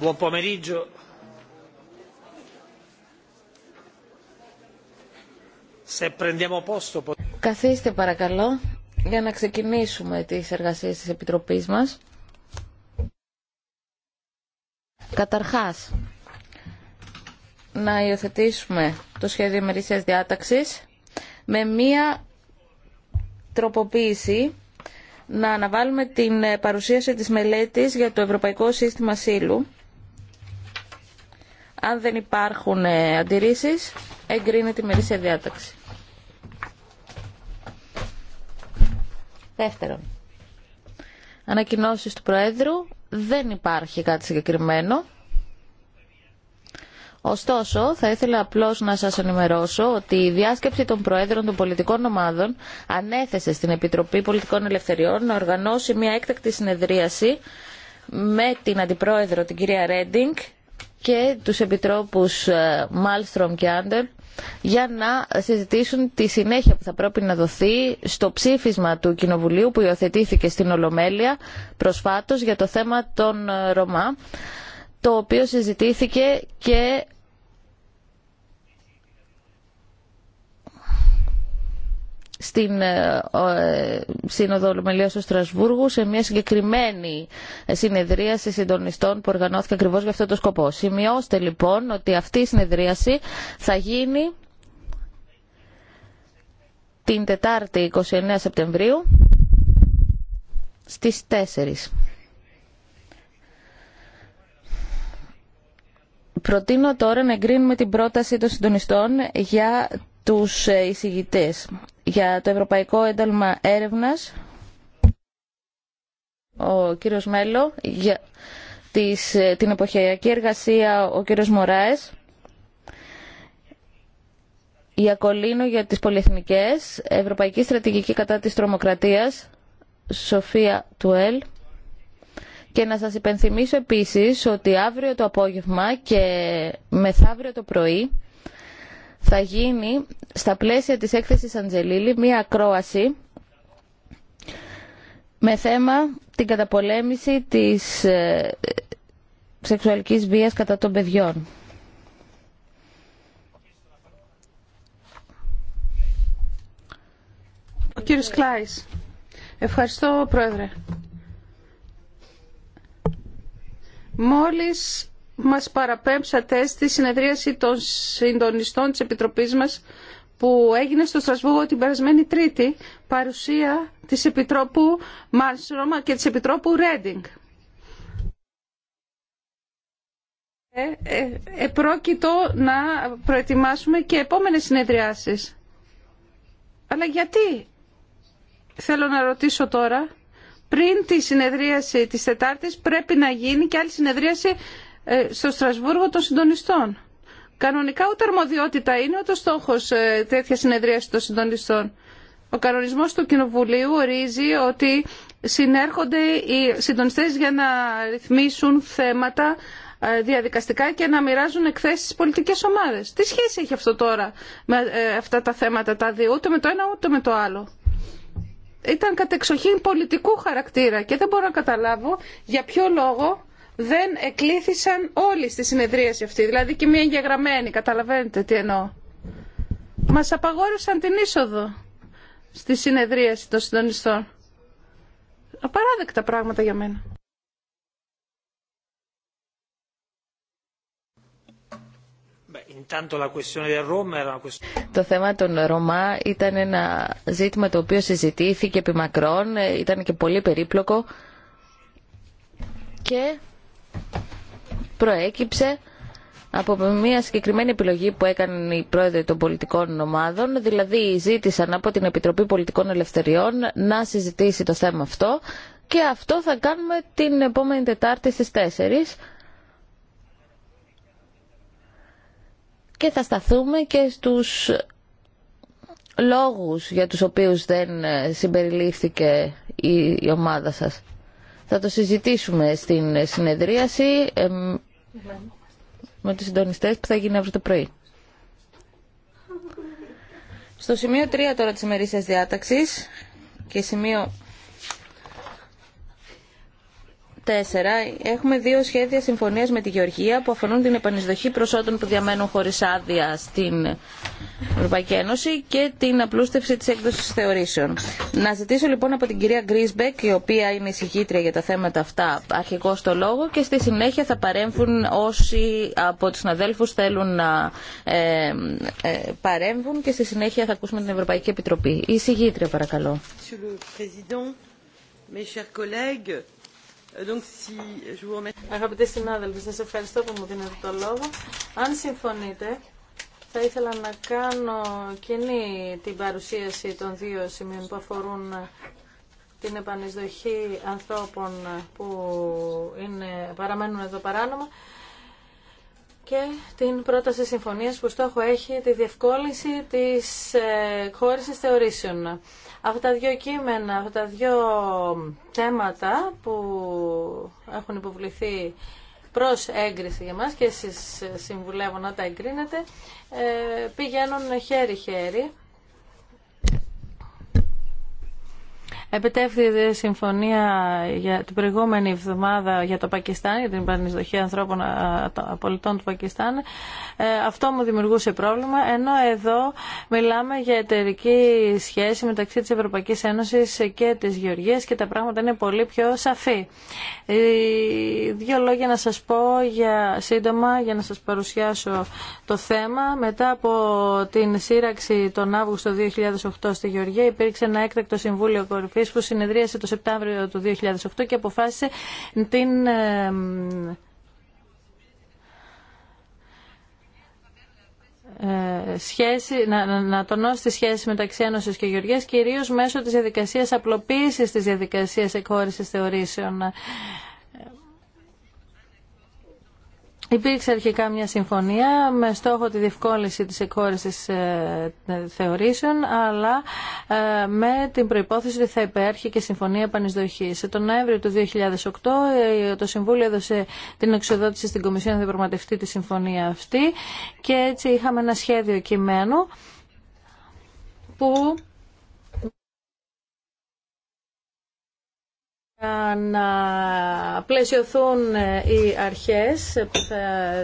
Buon Καθίστε παρακαλώ για να ξεκινήσουμε τις εργασίες της Επιτροπής μας. Καταρχάς, να υιοθετήσουμε το σχέδιο ημερησίας διάταξης με μία τροποποίηση να αναβάλουμε την ε, παρουσίαση της μελέτης για το Ευρωπαϊκό Σύστημα Σύλλου. Αν δεν υπάρχουν ε, αντιρρήσεις, εγκρίνεται η μερίσια διάταξη. Δεύτερον, ανακοινώσεις του Προέδρου. Δεν υπάρχει κάτι συγκεκριμένο. Ωστόσο, θα ήθελα απλώς να σας ενημερώσω ότι η διάσκεψη των Προέδρων των Πολιτικών Ομάδων ανέθεσε στην Επιτροπή Πολιτικών Ελευθεριών να οργανώσει μια έκτακτη συνεδρίαση με την Αντιπρόεδρο, την κυρία Ρέντινγκ, και τους Επιτρόπους ε, Μάλστρομ και Άντερ για να συζητήσουν τη συνέχεια που θα πρέπει να δοθεί στο ψήφισμα του Κοινοβουλίου που υιοθετήθηκε στην Ολομέλεια προσφάτως για το θέμα των ε, Ρωμά το οποίο συζητήθηκε και στην ε, ε, Σύνοδο Ολομελία του Στρασβούργου σε μια συγκεκριμένη συνεδρίαση συντονιστών που οργανώθηκε ακριβώ για αυτό το σκοπό. Σημειώστε λοιπόν ότι αυτή η συνεδρίαση θα γίνει την Τετάρτη 29 Σεπτεμβρίου στις 4. Προτείνω τώρα να εγκρίνουμε την πρόταση των συντονιστών για τους ε, εισηγητές για το Ευρωπαϊκό Ένταλμα Έρευνας, ο κύριος Μέλο, για τις ε, την εποχιακή εργασία ο κύριος Μωράες, η Ακολίνο για τις πολυεθνικές, Ευρωπαϊκή Στρατηγική κατά της τρομοκρατίας, Σοφία Τουέλ. Και να σας υπενθυμίσω επίσης ότι αύριο το απόγευμα και μεθαύριο το πρωί θα γίνει στα πλαίσια της έκθεσης Αντζελίλη μία ακρόαση με θέμα την καταπολέμηση της ε, σεξουαλικής βίας κατά των παιδιών. Ο κύριος Κλάης. Ευχαριστώ, Πρόεδρε. Μόλις μας παραπέμψατε στη συνεδρίαση των συντονιστών της Επιτροπής μας που έγινε στο Στρασβούργο την περασμένη Τρίτη παρουσία της Επιτρόπου Μάρσρομα και της Επιτρόπου Ρέντινγκ. Ε, ε να προετοιμάσουμε και επόμενες συνεδριάσεις. Αλλά γιατί, θέλω να ρωτήσω τώρα, πριν τη συνεδρίαση της Τετάρτης πρέπει να γίνει και άλλη συνεδρίαση ε, στο Στρασβούργο των συντονιστών. Κανονικά ούτε αρμοδιότητα είναι ούτε στόχος ε, τέτοια συνεδρίαση των συντονιστών. Ο κανονισμός του Κοινοβουλίου ορίζει ότι συνέρχονται οι συντονιστές για να ρυθμίσουν θέματα ε, διαδικαστικά και να μοιράζουν εκθέσεις στι πολιτικές ομάδες. Τι σχέση έχει αυτό τώρα με αυτά τα θέματα τα δύο, ούτε με το ένα ούτε με το άλλο. Ήταν κατεξοχήν πολιτικού χαρακτήρα και δεν μπορώ να καταλάβω για ποιο λόγο δεν εκλήθησαν όλοι στη συνεδρίαση αυτή, δηλαδή και μία εγγεγραμμένη, καταλαβαίνετε τι εννοώ. Μας απαγόρευσαν την είσοδο στη συνεδρίαση των συντονιστών. Απαράδεκτα πράγματα για μένα. Το θέμα των Ρωμά ήταν ένα ζήτημα το οποίο συζητήθηκε επί μακρόν, ήταν και πολύ περίπλοκο και προέκυψε από μια συγκεκριμένη επιλογή που έκανε η πρόεδροι των πολιτικών ομάδων, δηλαδή ζήτησαν από την Επιτροπή Πολιτικών Ελευθεριών να συζητήσει το θέμα αυτό και αυτό θα κάνουμε την επόμενη Τετάρτη στις 4 και θα σταθούμε και στους λόγους για τους οποίους δεν συμπεριλήφθηκε η ομάδα σας. Θα το συζητήσουμε στην συνεδρίαση με τους συντονιστές που θα γίνει αύριο το πρωί. Στο σημείο 3 τώρα της ημερήσιας διάταξης και σημείο έχουμε δύο σχέδια συμφωνίας με τη Γεωργία που αφορούν την επανεισδοχή προσώτων που διαμένουν χωρίς άδεια στην Ευρωπαϊκή Ένωση και την απλούστευση της έκδοσης θεωρήσεων. Να ζητήσω λοιπόν από την κυρία Γκρίσμπεκ, η οποία είναι η εισηγήτρια για τα θέματα αυτά, αρχικό στο λόγο και στη συνέχεια θα παρέμβουν όσοι από τους αδέλφους θέλουν να ε, ε, παρέμβουν και στη συνέχεια θα ακούσουμε την Ευρωπαϊκή Επιτροπή. Η εισηγήτρια παρακαλώ. Mes chers collègues, Αγαπητοί συνάδελφοι, σας ευχαριστώ που μου δίνετε το λόγο. Αν συμφωνείτε, θα ήθελα να κάνω κοινή την παρουσίαση των δύο σημείων που αφορούν την επανεισδοχή ανθρώπων που είναι, παραμένουν εδώ παράνομα και την πρόταση συμφωνίας που στόχο έχει τη διευκόλυνση της ε, χώρισης θεωρήσεων. Αυτά τα δύο κείμενα, αυτά τα δύο θέματα που έχουν υποβληθεί προς έγκριση για μας και εσείς συμβουλεύω να τα εγκρίνετε, ε, πηγαίνουν χέρι-χέρι. Επιτεύχθηκε συμφωνία για την προηγούμενη εβδομάδα για το Πακιστάν, για την πανεισδοχή ανθρώπων πολιτών του Πακιστάν. Ε, αυτό μου δημιουργούσε πρόβλημα, ενώ εδώ μιλάμε για εταιρική σχέση μεταξύ της Ευρωπαϊκής Ένωσης και της Γεωργίας και τα πράγματα είναι πολύ πιο σαφή. Ε, δύο λόγια να σας πω για, σύντομα για να σας παρουσιάσω το θέμα. Μετά από την σύραξη τον Αύγουστο 2008 στη Γεωργία υπήρξε ένα έκτακτο συμβούλιο κορυφή που συνεδρίασε το Σεπτέμβριο του 2008 και αποφάσισε την ε, σχέση, να, να τονώσει τη σχέση μεταξύ Ένωση και Γεωργία, κυρίω μέσω τη διαδικασία απλοποίηση τη διαδικασία εκχώρηση θεωρήσεων. Υπήρξε αρχικά μια συμφωνία με στόχο τη διευκόλυνση της εκχώρησης ε, θεωρήσεων, αλλά ε, με την προϋπόθεση ότι θα υπέρχει και συμφωνία Σε Τον Νοέμβριο του 2008 ε, το Συμβούλιο έδωσε την εξοδότηση στην Κομισιόν να διαπραγματευτεί τη συμφωνία αυτή και έτσι είχαμε ένα σχέδιο κειμένου που να πλαισιωθούν οι αρχές που θα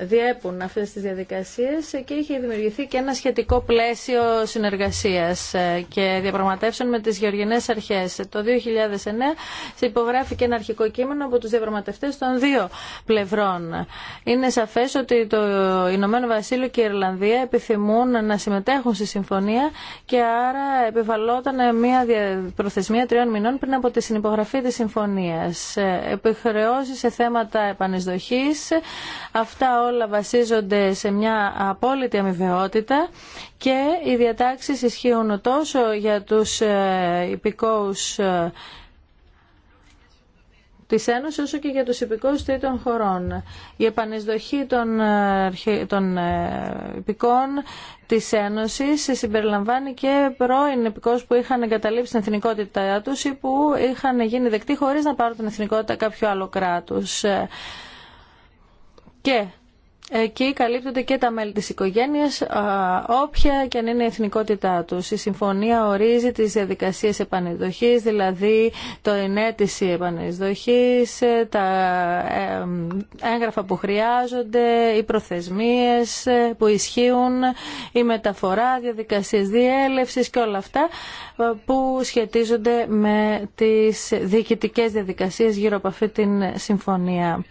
διέπουν αυτές τις διαδικασίες και είχε δημιουργηθεί και ένα σχετικό πλαίσιο συνεργασίας ε, και διαπραγματεύσεων με τις γεωργινές αρχές. Το 2009 υπογράφηκε ένα αρχικό κείμενο από τους διαπραγματευτές των δύο πλευρών. Είναι σαφές ότι το Ηνωμένο Βασίλειο και η Ιρλανδία επιθυμούν να συμμετέχουν στη συμφωνία και άρα επιβαλόταν μια προθεσμία τριών μηνών πριν από τη συνυπογραφή της συμφωνίας. Ε, επιχρεώσεις σε θέματα επανεισδοχής, αυτά όλα βασίζονται σε μια απόλυτη αμοιβαιότητα και οι διατάξεις ισχύουν τόσο για τους ε, υπηκόους ε, της Ένωσης όσο και για τους υπηκόους τρίτων χωρών. Η επανεισδοχή των, ε, των υπηκών της Ένωσης συμπεριλαμβάνει και πρώην υπηκόους που είχαν εγκαταλείψει την εθνικότητά τους ή που είχαν γίνει δεκτοί χωρίς να πάρουν την εθνικότητα κάποιου άλλου κράτους. Και Εκεί καλύπτονται και τα μέλη της οικογένειας, ε, όποια και αν είναι η εθνικότητά τους. Η συμφωνία ορίζει τις διαδικασίες επανεισδοχής, δηλαδή το ενέτηση επανεισδοχής, ε, τα ε, έγγραφα που χρειάζονται, οι προθεσμίες που ισχύουν, η μεταφορά, διαδικασίες διέλευσης και όλα αυτά που σχετίζονται με τις διοικητικές διαδικασίες γύρω από αυτή την συμφωνία.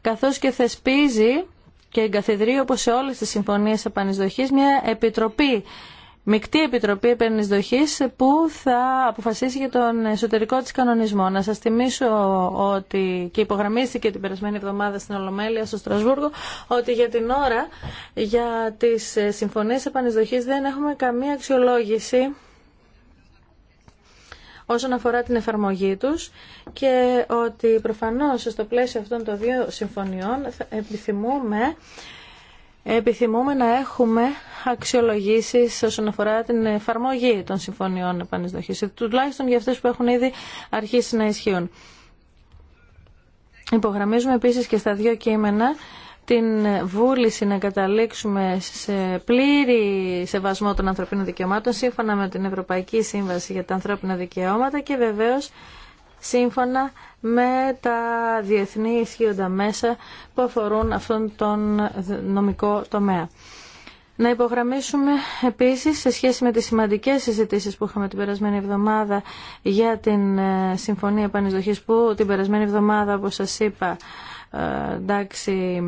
Καθώς και θεσπίζει και εγκαθιδρύει όπως σε όλες τις συμφωνίες επανεισδοχής μια επιτροπή Μικτή Επιτροπή επανεισδοχής που θα αποφασίσει για τον εσωτερικό της κανονισμό. Να σας θυμίσω ότι και υπογραμμίστηκε την περασμένη εβδομάδα στην Ολομέλεια στο Στρασβούργο ότι για την ώρα για τις συμφωνίες επανεισδοχής δεν έχουμε καμία αξιολόγηση όσον αφορά την εφαρμογή τους και ότι προφανώς στο πλαίσιο αυτών των δύο συμφωνιών επιθυμούμε Επιθυμούμε να έχουμε αξιολογήσεις όσον αφορά την εφαρμογή των συμφωνιών επανεισδοχής, τουλάχιστον για αυτές που έχουν ήδη αρχίσει να ισχύουν. Υπογραμμίζουμε επίσης και στα δύο κείμενα την βούληση να καταλήξουμε σε πλήρη σεβασμό των ανθρωπίνων δικαιωμάτων σύμφωνα με την Ευρωπαϊκή Σύμβαση για τα Ανθρώπινα Δικαιώματα και βεβαίως σύμφωνα με τα διεθνή ισχύοντα μέσα που αφορούν αυτόν τον νομικό τομέα. Να υπογραμμίσουμε επίσης σε σχέση με τις σημαντικές συζητήσεις που είχαμε την περασμένη εβδομάδα για την ε, Συμφωνία Επανεισδοχής που την περασμένη εβδομάδα, όπως σας είπα, ε, εντάξει,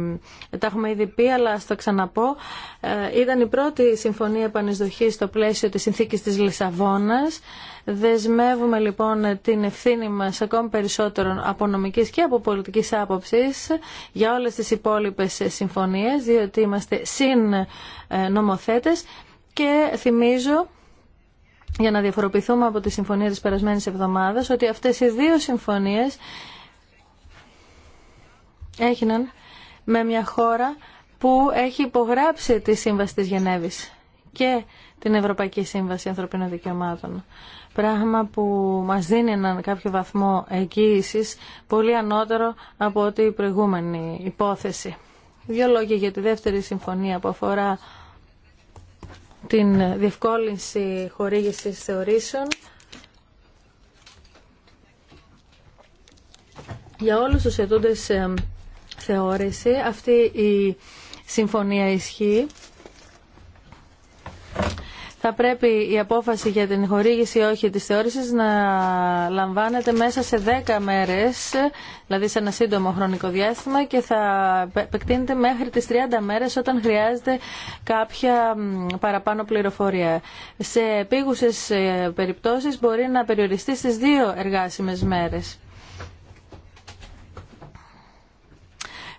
τα έχουμε ήδη πει, αλλά ας το ξαναπώ, ε, ήταν η πρώτη συμφωνία επανεισδοχής στο πλαίσιο της συνθήκης της Λισαβόνας. Δεσμεύουμε λοιπόν την ευθύνη μας ακόμη περισσότερο από νομικής και από πολιτικής άποψης για όλες τις υπόλοιπες συμφωνίες, διότι είμαστε συν ε, νομοθέτες και θυμίζω για να διαφοροποιηθούμε από τη συμφωνία της περασμένης εβδομάδας ότι αυτές οι δύο συμφωνίες έγιναν με μια χώρα που έχει υπογράψει τη Σύμβαση της Γενέβης και την Ευρωπαϊκή Σύμβαση Ανθρωπίνων Δικαιωμάτων. Πράγμα που μας δίνει έναν κάποιο βαθμό εγγύησης πολύ ανώτερο από ό,τι η προηγούμενη υπόθεση. Δύο λόγια για τη δεύτερη συμφωνία που αφορά την διευκόλυνση χορήγησης θεωρήσεων. Για όλους τους ετούντες αυτή η συμφωνία ισχύει. Θα πρέπει η απόφαση για την χορήγηση ή όχι της θεώρησης να λαμβάνεται μέσα σε 10 μέρες, δηλαδή σε ένα σύντομο χρονικό διάστημα και θα επεκτείνεται μέχρι τις 30 μέρες όταν χρειάζεται κάποια παραπάνω πληροφορία. Σε επίγουσες ε, περιπτώσεις μπορεί να περιοριστεί στις δύο εργάσιμες μέρες.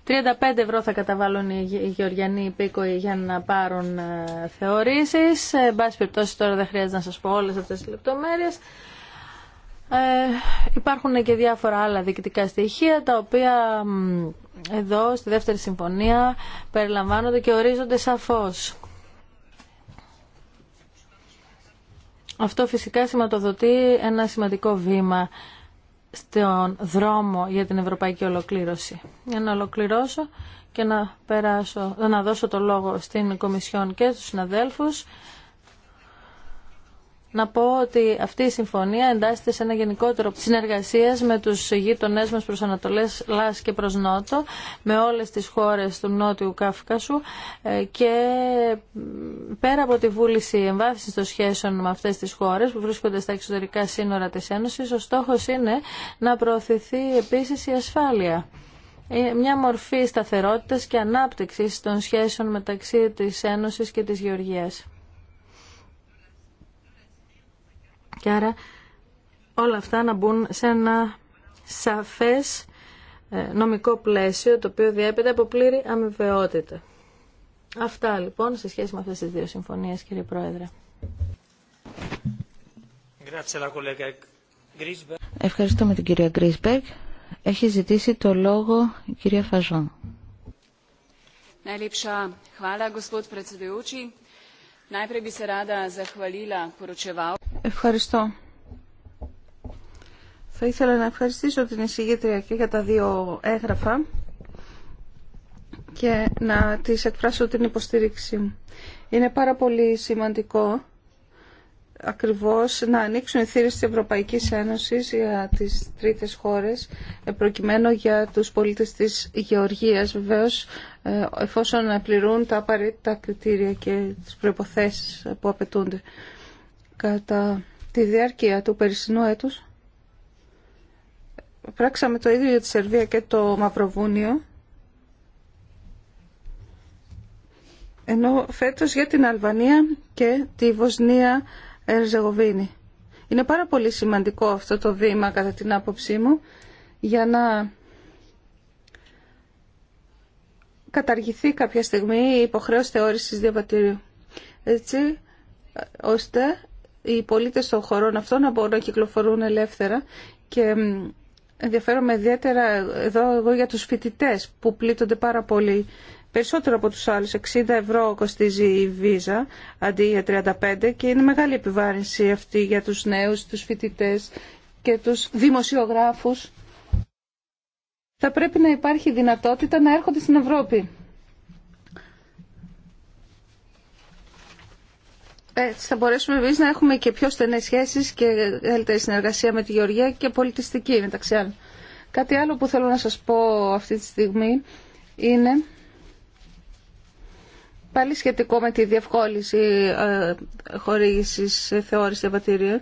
35 ευρώ θα καταβάλουν οι γεωργιανοί υπήκοοι για να πάρουν ε, θεωρήσεις. Ε, εν πάση περιπτώσει τώρα δεν χρειάζεται να σας πω όλες αυτές τις λεπτομέρειες. Ε, υπάρχουν και διάφορα άλλα διοικητικά στοιχεία τα οποία εδώ στη δεύτερη συμφωνία περιλαμβάνονται και ορίζονται σαφώς. Αυτό φυσικά σηματοδοτεί ένα σημαντικό βήμα στον δρόμο για την ευρωπαϊκή ολοκλήρωση. Για να ολοκληρώσω και να, περάσω, να δώσω το λόγο στην Κομισιόν και στους συναδέλφους να πω ότι αυτή η συμφωνία εντάσσεται σε ένα γενικότερο συνεργασία με του γείτονέ μα προ Ανατολέ Λάς και προ Νότο, με όλε τι χώρε του Νότιου Κάφκασου ε, και πέρα από τη βούληση εμβάθυνση των σχέσεων με αυτέ τι χώρε που βρίσκονται στα εξωτερικά σύνορα τη Ένωση, ο στόχο είναι να προωθηθεί επίση η ασφάλεια ε, μια μορφή σταθερότητας και ανάπτυξης των σχέσεων μεταξύ της Ένωσης και της Γεωργίας. Και άρα όλα αυτά να μπουν σε ένα σαφές ε, νομικό πλαίσιο το οποίο διέπεται από πλήρη αμοιβαιότητα. Αυτά λοιπόν σε σχέση με αυτές τις δύο συμφωνίες κύριε Πρόεδρε. Ευχαριστούμε την κυρία Γκρίσμπεργκ. Έχει ζητήσει το λόγο η κυρία Φαζόν. Najlepša hvala, gospod predsedujoči. Najprej bi se rada zahvalila Ευχαριστώ. Θα ήθελα να ευχαριστήσω την εισηγήτρια και για τα δύο έγγραφα και να της εκφράσω την υποστήριξή μου. Είναι πάρα πολύ σημαντικό ακριβώς να ανοίξουν οι θύρες της Ευρωπαϊκής Ένωσης για τις τρίτες χώρες προκειμένου για τους πολίτες της Γεωργίας βεβαίως ε, εφόσον πληρούν τα απαραίτητα κριτήρια και τις προϋποθέσεις που απαιτούνται. Κατά τη διάρκεια του περσινού έτους πράξαμε το ίδιο για τη Σερβία και το Μαυροβούνιο ενώ φέτος για την Αλβανία και τη Βοσνία Ερζεγοβίνη. Είναι πάρα πολύ σημαντικό αυτό το βήμα κατά την άποψή μου για να καταργηθεί κάποια στιγμή η υποχρέωση θεώρησης διαβατηρίου. Έτσι, ώστε οι πολίτες των χωρών αυτών να μπορούν να κυκλοφορούν ελεύθερα και ενδιαφέρομαι ιδιαίτερα εδώ εγώ για τους φοιτητέ που πλήττονται πάρα πολύ περισσότερο από τους άλλους 60 ευρώ κοστίζει η βίζα αντί για 35 και είναι μεγάλη επιβάρυνση αυτή για τους νέους, τους φοιτητέ και τους δημοσιογράφους θα πρέπει να υπάρχει δυνατότητα να έρχονται στην Ευρώπη Έτσι θα μπορέσουμε εμεί να έχουμε και πιο στενές σχέσεις και καλύτερη συνεργασία με τη Γεωργία και πολιτιστική μεταξύ άλλων. Κάτι άλλο που θέλω να σας πω αυτή τη στιγμή είναι πάλι σχετικό με τη διευκόλυνση ε, χορήγησης ε, θεώρηση διαβατήριων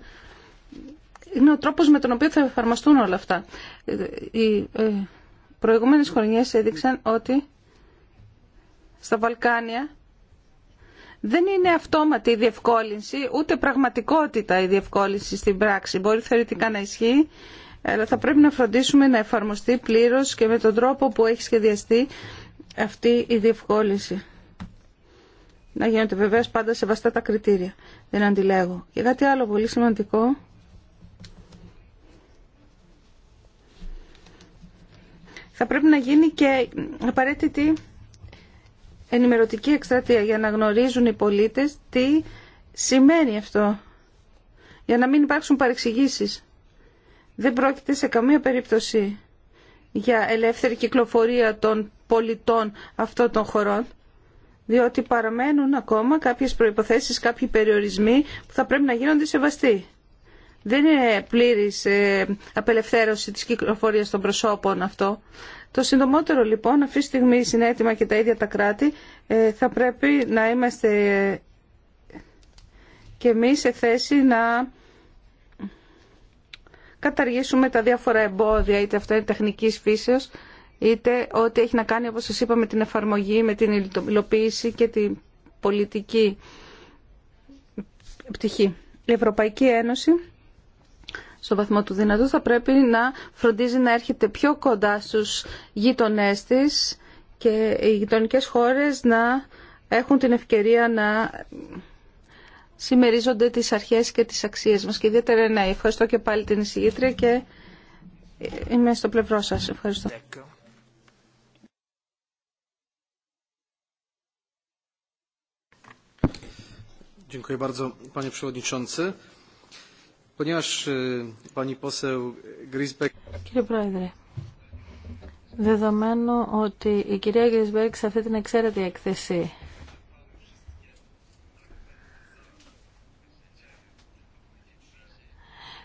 είναι ο τρόπος με τον οποίο θα εφαρμοστούν όλα αυτά. Ε, οι προηγούμενε χρονίε έδειξαν ότι στα Βαλκάνια δεν είναι αυτόματη η διευκόλυνση, ούτε πραγματικότητα η διευκόλυνση στην πράξη. Μπορεί θεωρητικά να ισχύει, αλλά θα πρέπει να φροντίσουμε να εφαρμοστεί πλήρως και με τον τρόπο που έχει σχεδιαστεί αυτή η διευκόλυνση. Να γίνονται βεβαίω πάντα σεβαστά τα κριτήρια. Δεν αντιλέγω. Και κάτι άλλο πολύ σημαντικό. Θα πρέπει να γίνει και απαραίτητη ενημερωτική εκστρατεία για να γνωρίζουν οι πολίτες τι σημαίνει αυτό. Για να μην υπάρξουν παρεξηγήσεις. Δεν πρόκειται σε καμία περίπτωση για ελεύθερη κυκλοφορία των πολιτών αυτών των χωρών διότι παραμένουν ακόμα κάποιες προϋποθέσεις, κάποιοι περιορισμοί που θα πρέπει να γίνονται σεβαστοί. Δεν είναι πλήρης ε, απελευθέρωση της κυκλοφορίας των προσώπων αυτό. Το συντομότερο λοιπόν, αυτή τη στιγμή είναι έτοιμα και τα ίδια τα κράτη, ε, θα πρέπει να είμαστε και εμείς σε θέση να καταργήσουμε τα διάφορα εμπόδια, είτε αυτό είναι τεχνικής φύσεως, είτε ό,τι έχει να κάνει, όπως σας είπα, με την εφαρμογή, με την υλοποίηση και την πολιτική πτυχή. Η Ευρωπαϊκή Ένωση στο βαθμό του δυνατού θα πρέπει να φροντίζει να έρχεται πιο κοντά στους γείτονές της και οι γειτονικέ χώρες να έχουν την ευκαιρία να συμμερίζονται τις αρχές και τις αξίες μας. Και ιδιαίτερα ναι, ευχαριστώ και πάλι την εισηγήτρια και είμαι στο πλευρό σας. Ευχαριστώ. Dziękuję bardzo, panie przewodniczący. E, Κύριε Πρόεδρε, δεδομένου ότι η κυρία Γκρισμπέκ σε αυτή την εξαίρετη εκθεσή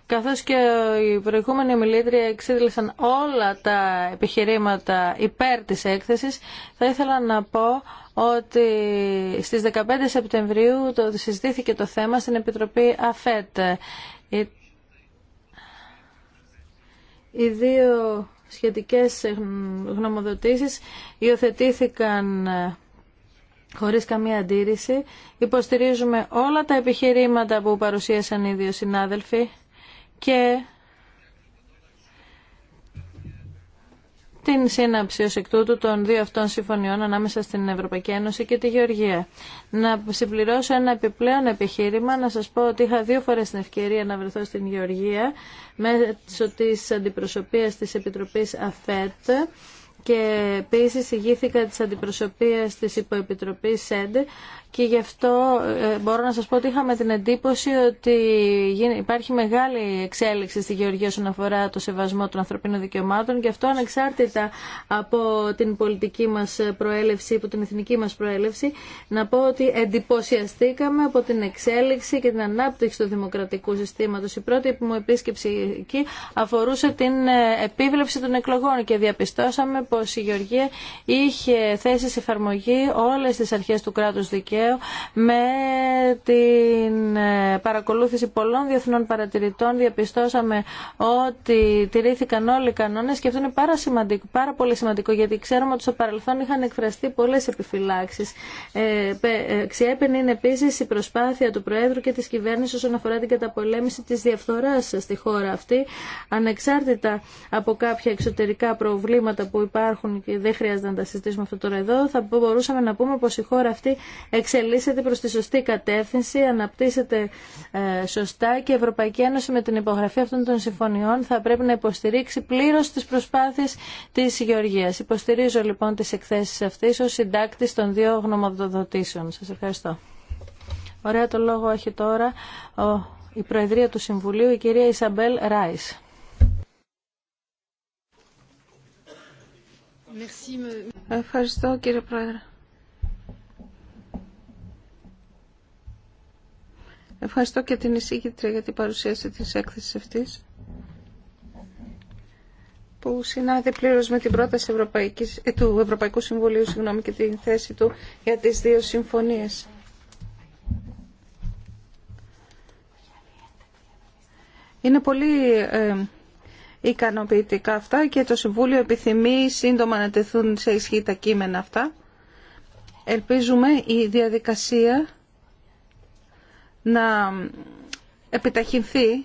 καθώς και οι προηγούμενοι ομιλήτρια εξήγησαν όλα τα επιχειρήματα υπέρ της έκθεσης, θα ήθελα να πω ότι στις 15 Σεπτεμβρίου το συζητήθηκε το θέμα στην Επιτροπή ΑΦΕΤ ε, οι δύο σχετικές γνωμοδοτήσεις υιοθετήθηκαν ε, χωρίς καμία αντίρρηση. Υποστηρίζουμε όλα τα επιχειρήματα που παρουσίασαν οι δύο συνάδελφοι και την σύναψη ως εκ τούτου των δύο αυτών συμφωνιών ανάμεσα στην Ευρωπαϊκή Ένωση και τη Γεωργία. Να συμπληρώσω ένα επιπλέον επιχείρημα, να σας πω ότι είχα δύο φορές την ευκαιρία να βρεθώ στην Γεωργία μέσω της αντιπροσωπείας της Επιτροπής ΑΦΕΤ και επίση ηγήθηκα τη αντιπροσωπεία τη υποεπιτροπή ΣΕΝΤΕ και γι' αυτό ε, μπορώ να σα πω ότι είχαμε την εντύπωση ότι υπάρχει μεγάλη εξέλιξη στη Γεωργία όσον αφορά το σεβασμό των ανθρωπίνων δικαιωμάτων και αυτό ανεξάρτητα από την πολιτική μα προέλευση, από την εθνική μα προέλευση. Να πω ότι εντυπωσιαστήκαμε από την εξέλιξη και την ανάπτυξη του δημοκρατικού συστήματο. Η πρώτη που μου επίσκεψη εκεί αφορούσε την ε, επίβλεψη των εκλογών και διαπιστώσαμε πως η Γεωργία είχε θέσει σε εφαρμογή όλες τις αρχές του κράτους δικαίου με την ε, παρακολούθηση πολλών διεθνών παρατηρητών. Διαπιστώσαμε ότι τηρήθηκαν όλοι οι κανόνες και αυτό είναι πάρα, σημαντικό, πάρα πολύ σημαντικό γιατί ξέρουμε ότι στο παρελθόν είχαν εκφραστεί πολλές επιφυλάξεις. Ε, ε είναι επίσης η προσπάθεια του Προέδρου και της κυβέρνησης όσον αφορά την καταπολέμηση της διαφθοράς στη χώρα αυτή ανεξάρτητα από κάποια εξωτερικά προβλήματα που υπάρχουν υπάρχουν και δεν χρειάζεται να τα συζητήσουμε αυτό τώρα εδώ, θα μπορούσαμε να πούμε πως η χώρα αυτή εξελίσσεται προς τη σωστή κατεύθυνση, αναπτύσσεται ε, σωστά και η Ευρωπαϊκή Ένωση με την υπογραφή αυτών των συμφωνιών θα πρέπει να υποστηρίξει πλήρως τις προσπάθειες της Γεωργίας. Υποστηρίζω λοιπόν τις εκθέσεις αυτής ως συντάκτης των δύο γνωμοδοτήσεων. Σας ευχαριστώ. Ωραία το λόγο έχει τώρα η Προεδρία του Συμβουλίου, η κυρία Ισαμπέλ Ράις. Ευχαριστώ κύριε Πρόεδρε. Ευχαριστώ και την εισήγητρια για την παρουσίαση της έκθεσης αυτής που συνάδει πλήρω με την πρόταση Ευρωπαϊκής, ε, του Ευρωπαϊκού Συμβουλίου συγγνώμη, και την θέση του για τις δύο συμφωνίες. Είναι πολύ ε, ικανοποιητικά αυτά και το Συμβούλιο επιθυμεί σύντομα να τεθούν σε ισχύ τα κείμενα αυτά. Ελπίζουμε η διαδικασία να επιταχυνθεί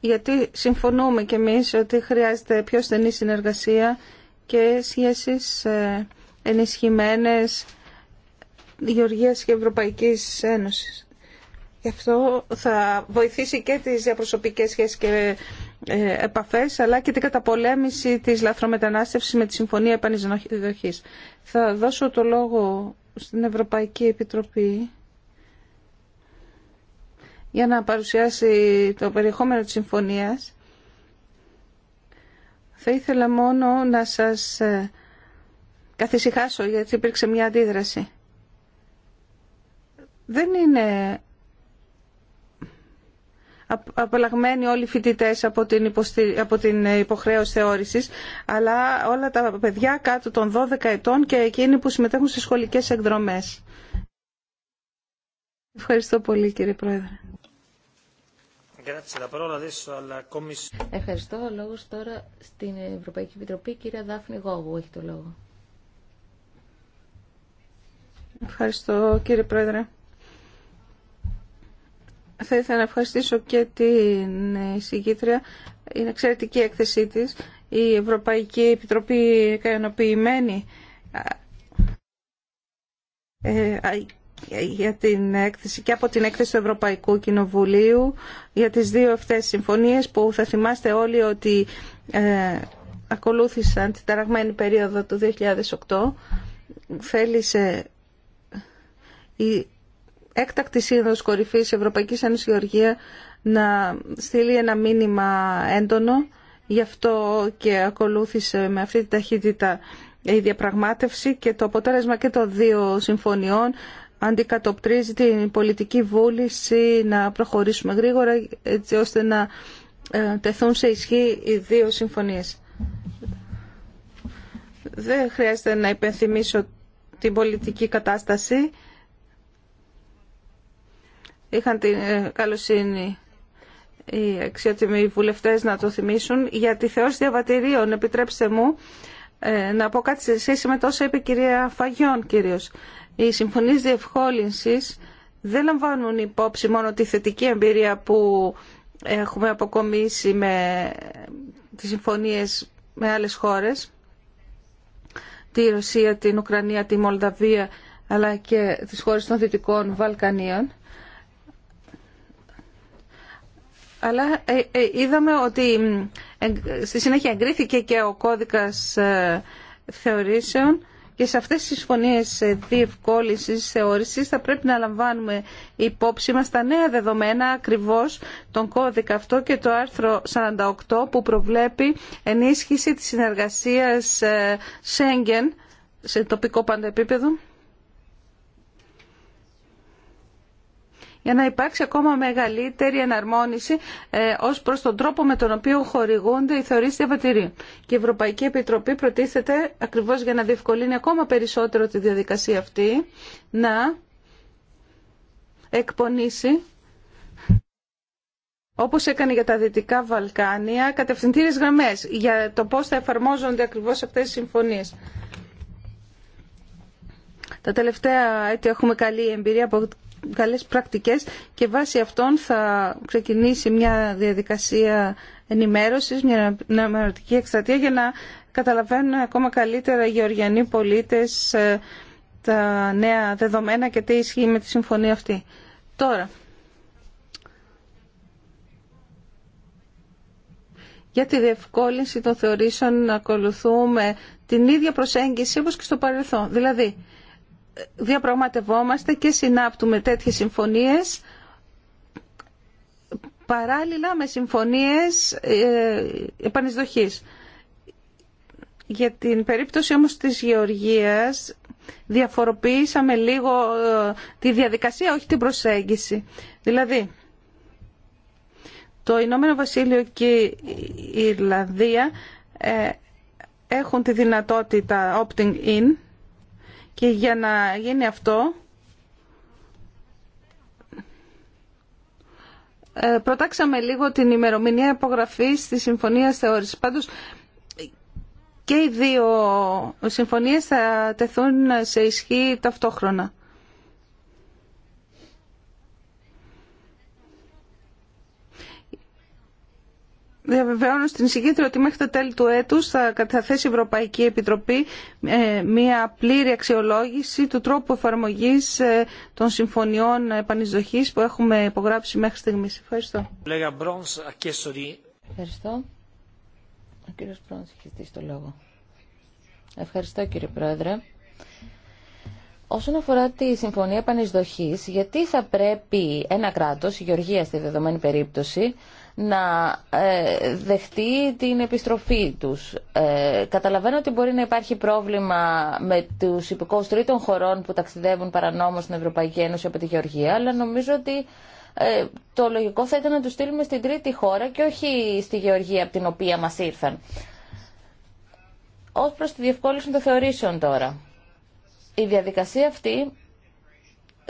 γιατί συμφωνούμε και εμείς ότι χρειάζεται πιο στενή συνεργασία και σχέσεις ε, ενισχυμένες Γεωργίας και Ευρωπαϊκής Ένωσης. Γι' αυτό θα βοηθήσει και τις διαπροσωπικές σχέσεις ε, επαφές αλλά και την καταπολέμηση της λαθρομετανάστευσης με τη Συμφωνία Επανεισδοχής. Θα δώσω το λόγο στην Ευρωπαϊκή Επιτροπή για να παρουσιάσει το περιεχόμενο της συμφωνίας. Θα ήθελα μόνο να σας ε, καθησυχάσω γιατί υπήρξε μια αντίδραση. Δεν είναι απελαγμένοι όλοι οι φοιτητέ από, από την υποχρέωση θεώρησης, αλλά όλα τα παιδιά κάτω των 12 ετών και εκείνοι που συμμετέχουν σε σχολικές εκδρομές. Ευχαριστώ πολύ κύριε Πρόεδρε. Ευχαριστώ. Ο λόγος τώρα στην Ευρωπαϊκή Επιτροπή. Κυρία Δάφνη Γόγου έχει το λόγο. Ευχαριστώ κύριε Πρόεδρε. Θα ήθελα να ευχαριστήσω και την συγκήτρια. Είναι εξαιρετική η έκθεσή της. Η Ευρωπαϊκή Επιτροπή ικανοποιημένη ε, για την έκθεση και από την έκθεση του Ευρωπαϊκού Κοινοβουλίου για τις δύο αυτές συμφωνίες που θα θυμάστε όλοι ότι ε, ακολούθησαν την ταραγμένη περίοδο του 2008 θέλησε η έκτακτη σύνοδος κορυφής Ευρωπαϊκής Ένωσης Γεωργία να στείλει ένα μήνυμα έντονο. Γι' αυτό και ακολούθησε με αυτή τη ταχύτητα η διαπραγμάτευση και το αποτέλεσμα και των δύο συμφωνιών αντικατοπτρίζει την πολιτική βούληση να προχωρήσουμε γρήγορα έτσι ώστε να ε, τεθούν σε ισχύ οι δύο συμφωνίες. Δεν χρειάζεται να υπενθυμίσω την πολιτική κατάσταση είχαν την ε, καλοσύνη οι αξιότιμοι βουλευτές να το θυμίσουν για τη θεώρηση διαβατηρίων επιτρέψτε μου ε, να πω κάτι σε σχέση με τόσα είπε η κυρία Φαγιών κυρίως οι συμφωνίες διευκόλυνση δεν λαμβάνουν υπόψη μόνο τη θετική εμπειρία που έχουμε αποκομίσει με τις συμφωνίες με άλλες χώρες τη Ρωσία, την Ουκρανία, τη Μολδαβία αλλά και τις χώρες των Δυτικών Βαλκανίων αλλά ε, ε, είδαμε ότι στη συνέχεια εγκρίθηκε και ο κώδικας ε, θεωρήσεων και σε αυτές τις συμφωνίες διευκόλυνσης θεώρησης θα πρέπει να λαμβάνουμε υπόψη μας τα νέα δεδομένα ακριβώς τον κώδικα αυτό και το άρθρο 48 που προβλέπει ενίσχυση της συνεργασίας Σέγγεν σε τοπικό πάντα επίπεδο για να υπάρξει ακόμα μεγαλύτερη εναρμόνιση ε, ως προς τον τρόπο με τον οποίο χορηγούνται οι θεωρείς διαβατηρίων. Και η Ευρωπαϊκή Επιτροπή προτίθεται ακριβώς για να διευκολύνει ακόμα περισσότερο τη διαδικασία αυτή να εκπονήσει όπως έκανε για τα Δυτικά Βαλκάνια, κατευθυντήριες γραμμές για το πώς θα εφαρμόζονται ακριβώς αυτές οι συμφωνίες. Τα τελευταία έτη έχουμε καλή εμπειρία από καλές πρακτικές και βάσει αυτών θα ξεκινήσει μια διαδικασία ενημέρωσης, μια ενημερωτική εκστρατεία για να καταλαβαίνουν ακόμα καλύτερα οι γεωργιανοί πολίτες ε, τα νέα δεδομένα και τι ισχύει με τη συμφωνία αυτή. Τώρα, για τη διευκόλυνση των θεωρήσεων να ακολουθούμε την ίδια προσέγγιση όπως και στο παρελθόν. Δηλαδή, διαπραγματευόμαστε και συνάπτουμε τέτοιες συμφωνίες παράλληλα με συμφωνίες ε, επανεισδοχής. Για την περίπτωση όμως της Γεωργίας διαφοροποιήσαμε λίγο ε, τη διαδικασία, όχι την προσέγγιση. Δηλαδή, το Ηνωμένο Βασίλειο και η Ιρλανδία ε, έχουν τη δυνατότητα opting in και για να γίνει αυτό, ε, προτάξαμε λίγο την ημερομηνία υπογραφής της Συμφωνίας Θεώρησης. Πάντως, και οι δύο συμφωνίες θα τεθούν σε ισχύ ταυτόχρονα. Διαβεβαιώνω στην εισηγήτρια ότι μέχρι το τέλη του έτους θα καταθέσει η Ευρωπαϊκή Επιτροπή ε, μία πλήρη αξιολόγηση του τρόπου εφαρμογής ε, των συμφωνιών επανεισδοχής που έχουμε υπογράψει μέχρι στιγμής. Ευχαριστώ. Ευχαριστώ. Ο Μπρόνς έχει λόγο. Ευχαριστώ κύριε Πρόεδρε. Όσον αφορά τη Συμφωνία Επανεισδοχής, γιατί θα πρέπει ένα κράτος, η Γεωργία στη δεδομένη περίπτωση, να ε, δεχτεί την επιστροφή τους. Ε, καταλαβαίνω ότι μπορεί να υπάρχει πρόβλημα με τους υπηκόους τρίτων χωρών που ταξιδεύουν παρανόμως στην Ευρωπαϊκή Ένωση από τη Γεωργία, αλλά νομίζω ότι ε, το λογικό θα ήταν να τους στείλουμε στην τρίτη χώρα και όχι στη Γεωργία από την οποία μας ήρθαν. Ως προς τη διευκόλυνση των θεωρήσεων τώρα. Η διαδικασία αυτή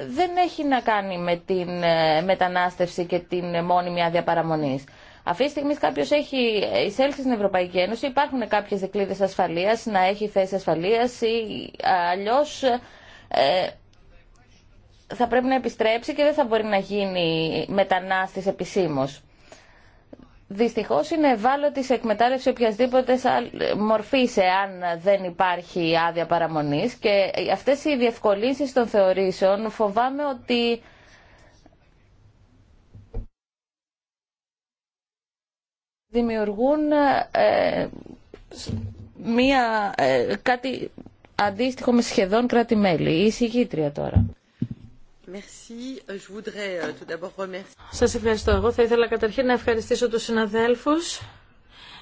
δεν έχει να κάνει με την ε, μετανάστευση και την μόνιμη άδεια παραμονή. Αυτή τη στιγμή κάποιο έχει εισέλθει στην Ευρωπαϊκή Ένωση, υπάρχουν κάποιε δικλείδε ασφαλεία, να έχει θέση ασφαλεία ή αλλιώ ε, θα πρέπει να επιστρέψει και δεν θα μπορεί να γίνει μετανάστης επισήμως δυστυχώς είναι ευάλωτη σε εκμετάλλευση οποιασδήποτε μορφής εάν δεν υπάρχει άδεια παραμονής και αυτές οι διευκολύνσεις των θεωρήσεων φοβάμαι ότι δημιουργούν ε, μία, ε, κάτι αντίστοιχο με σχεδόν κράτη-μέλη. Η συγκήτρια τώρα. Euh, euh, Σα ευχαριστώ. Εγώ θα ήθελα καταρχήν να ευχαριστήσω του συναδέλφου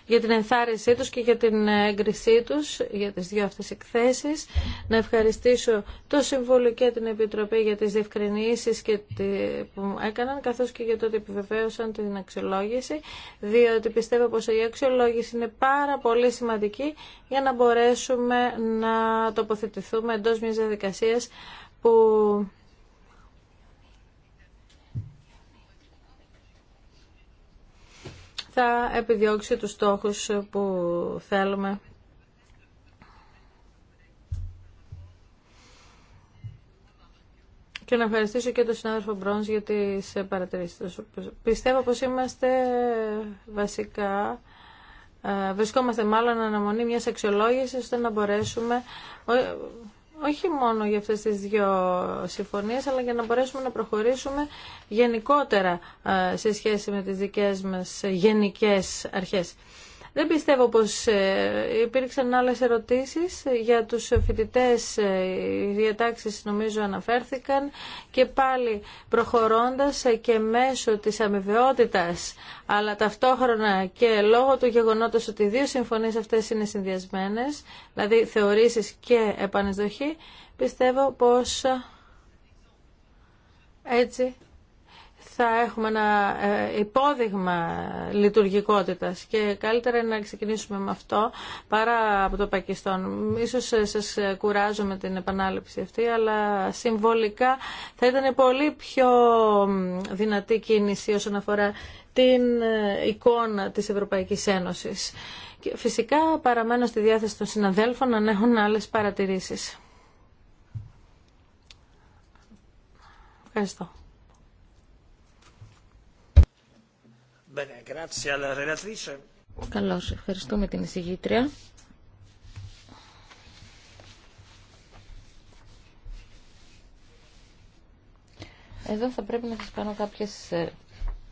για την ενθάρρυνσή τους και για την έγκρισή τους για τις δύο αυτές εκθέσεις. Να ευχαριστήσω το Συμβούλιο και την Επιτροπή για τις διευκρινήσεις και που έκαναν, καθώς και για το ότι επιβεβαίωσαν την αξιολόγηση, διότι πιστεύω πως η αξιολόγηση είναι πάρα πολύ σημαντική για να μπορέσουμε να τοποθετηθούμε εντός μιας διαδικασίας που θα επιδιώξει τους στόχους που θέλουμε. Και να ευχαριστήσω και τον συνάδελφο Μπρόνς για τις παρατηρήσεις του. Πιστεύω πως είμαστε βασικά, ε, βρισκόμαστε μάλλον αναμονή μιας αξιολόγησης ώστε να μπορέσουμε όχι μόνο για αυτές τις δύο συμφωνίες, αλλά για να μπορέσουμε να προχωρήσουμε γενικότερα ε, σε σχέση με τις δικές μας γενικές αρχές. Δεν πιστεύω πως ε, υπήρξαν άλλες ερωτήσεις για τους φοιτητές. Ε, οι διατάξεις νομίζω αναφέρθηκαν και πάλι προχωρώντας ε, και μέσω της αμοιβαιότητας αλλά ταυτόχρονα και λόγω του γεγονότος ότι οι δύο συμφωνίες αυτές είναι συνδυασμένες, δηλαδή θεωρήσεις και επανεισδοχή, πιστεύω πως έτσι θα έχουμε ένα ε, υπόδειγμα λειτουργικότητας και καλύτερα είναι να ξεκινήσουμε με αυτό παρά από το Πακιστάν. Ίσως ε, σας κουράζω με την επανάληψη αυτή, αλλά συμβολικά θα ήταν πολύ πιο δυνατή κίνηση όσον αφορά την ε, εικόνα της Ευρωπαϊκής Ένωσης. Και φυσικά παραμένω στη διάθεση των συναδέλφων να έχουν άλλες παρατηρήσεις. Ευχαριστώ. Καλώς, ευχαριστούμε την εισηγήτρια. Εδώ θα πρέπει να σας κάνω κάποιες ε,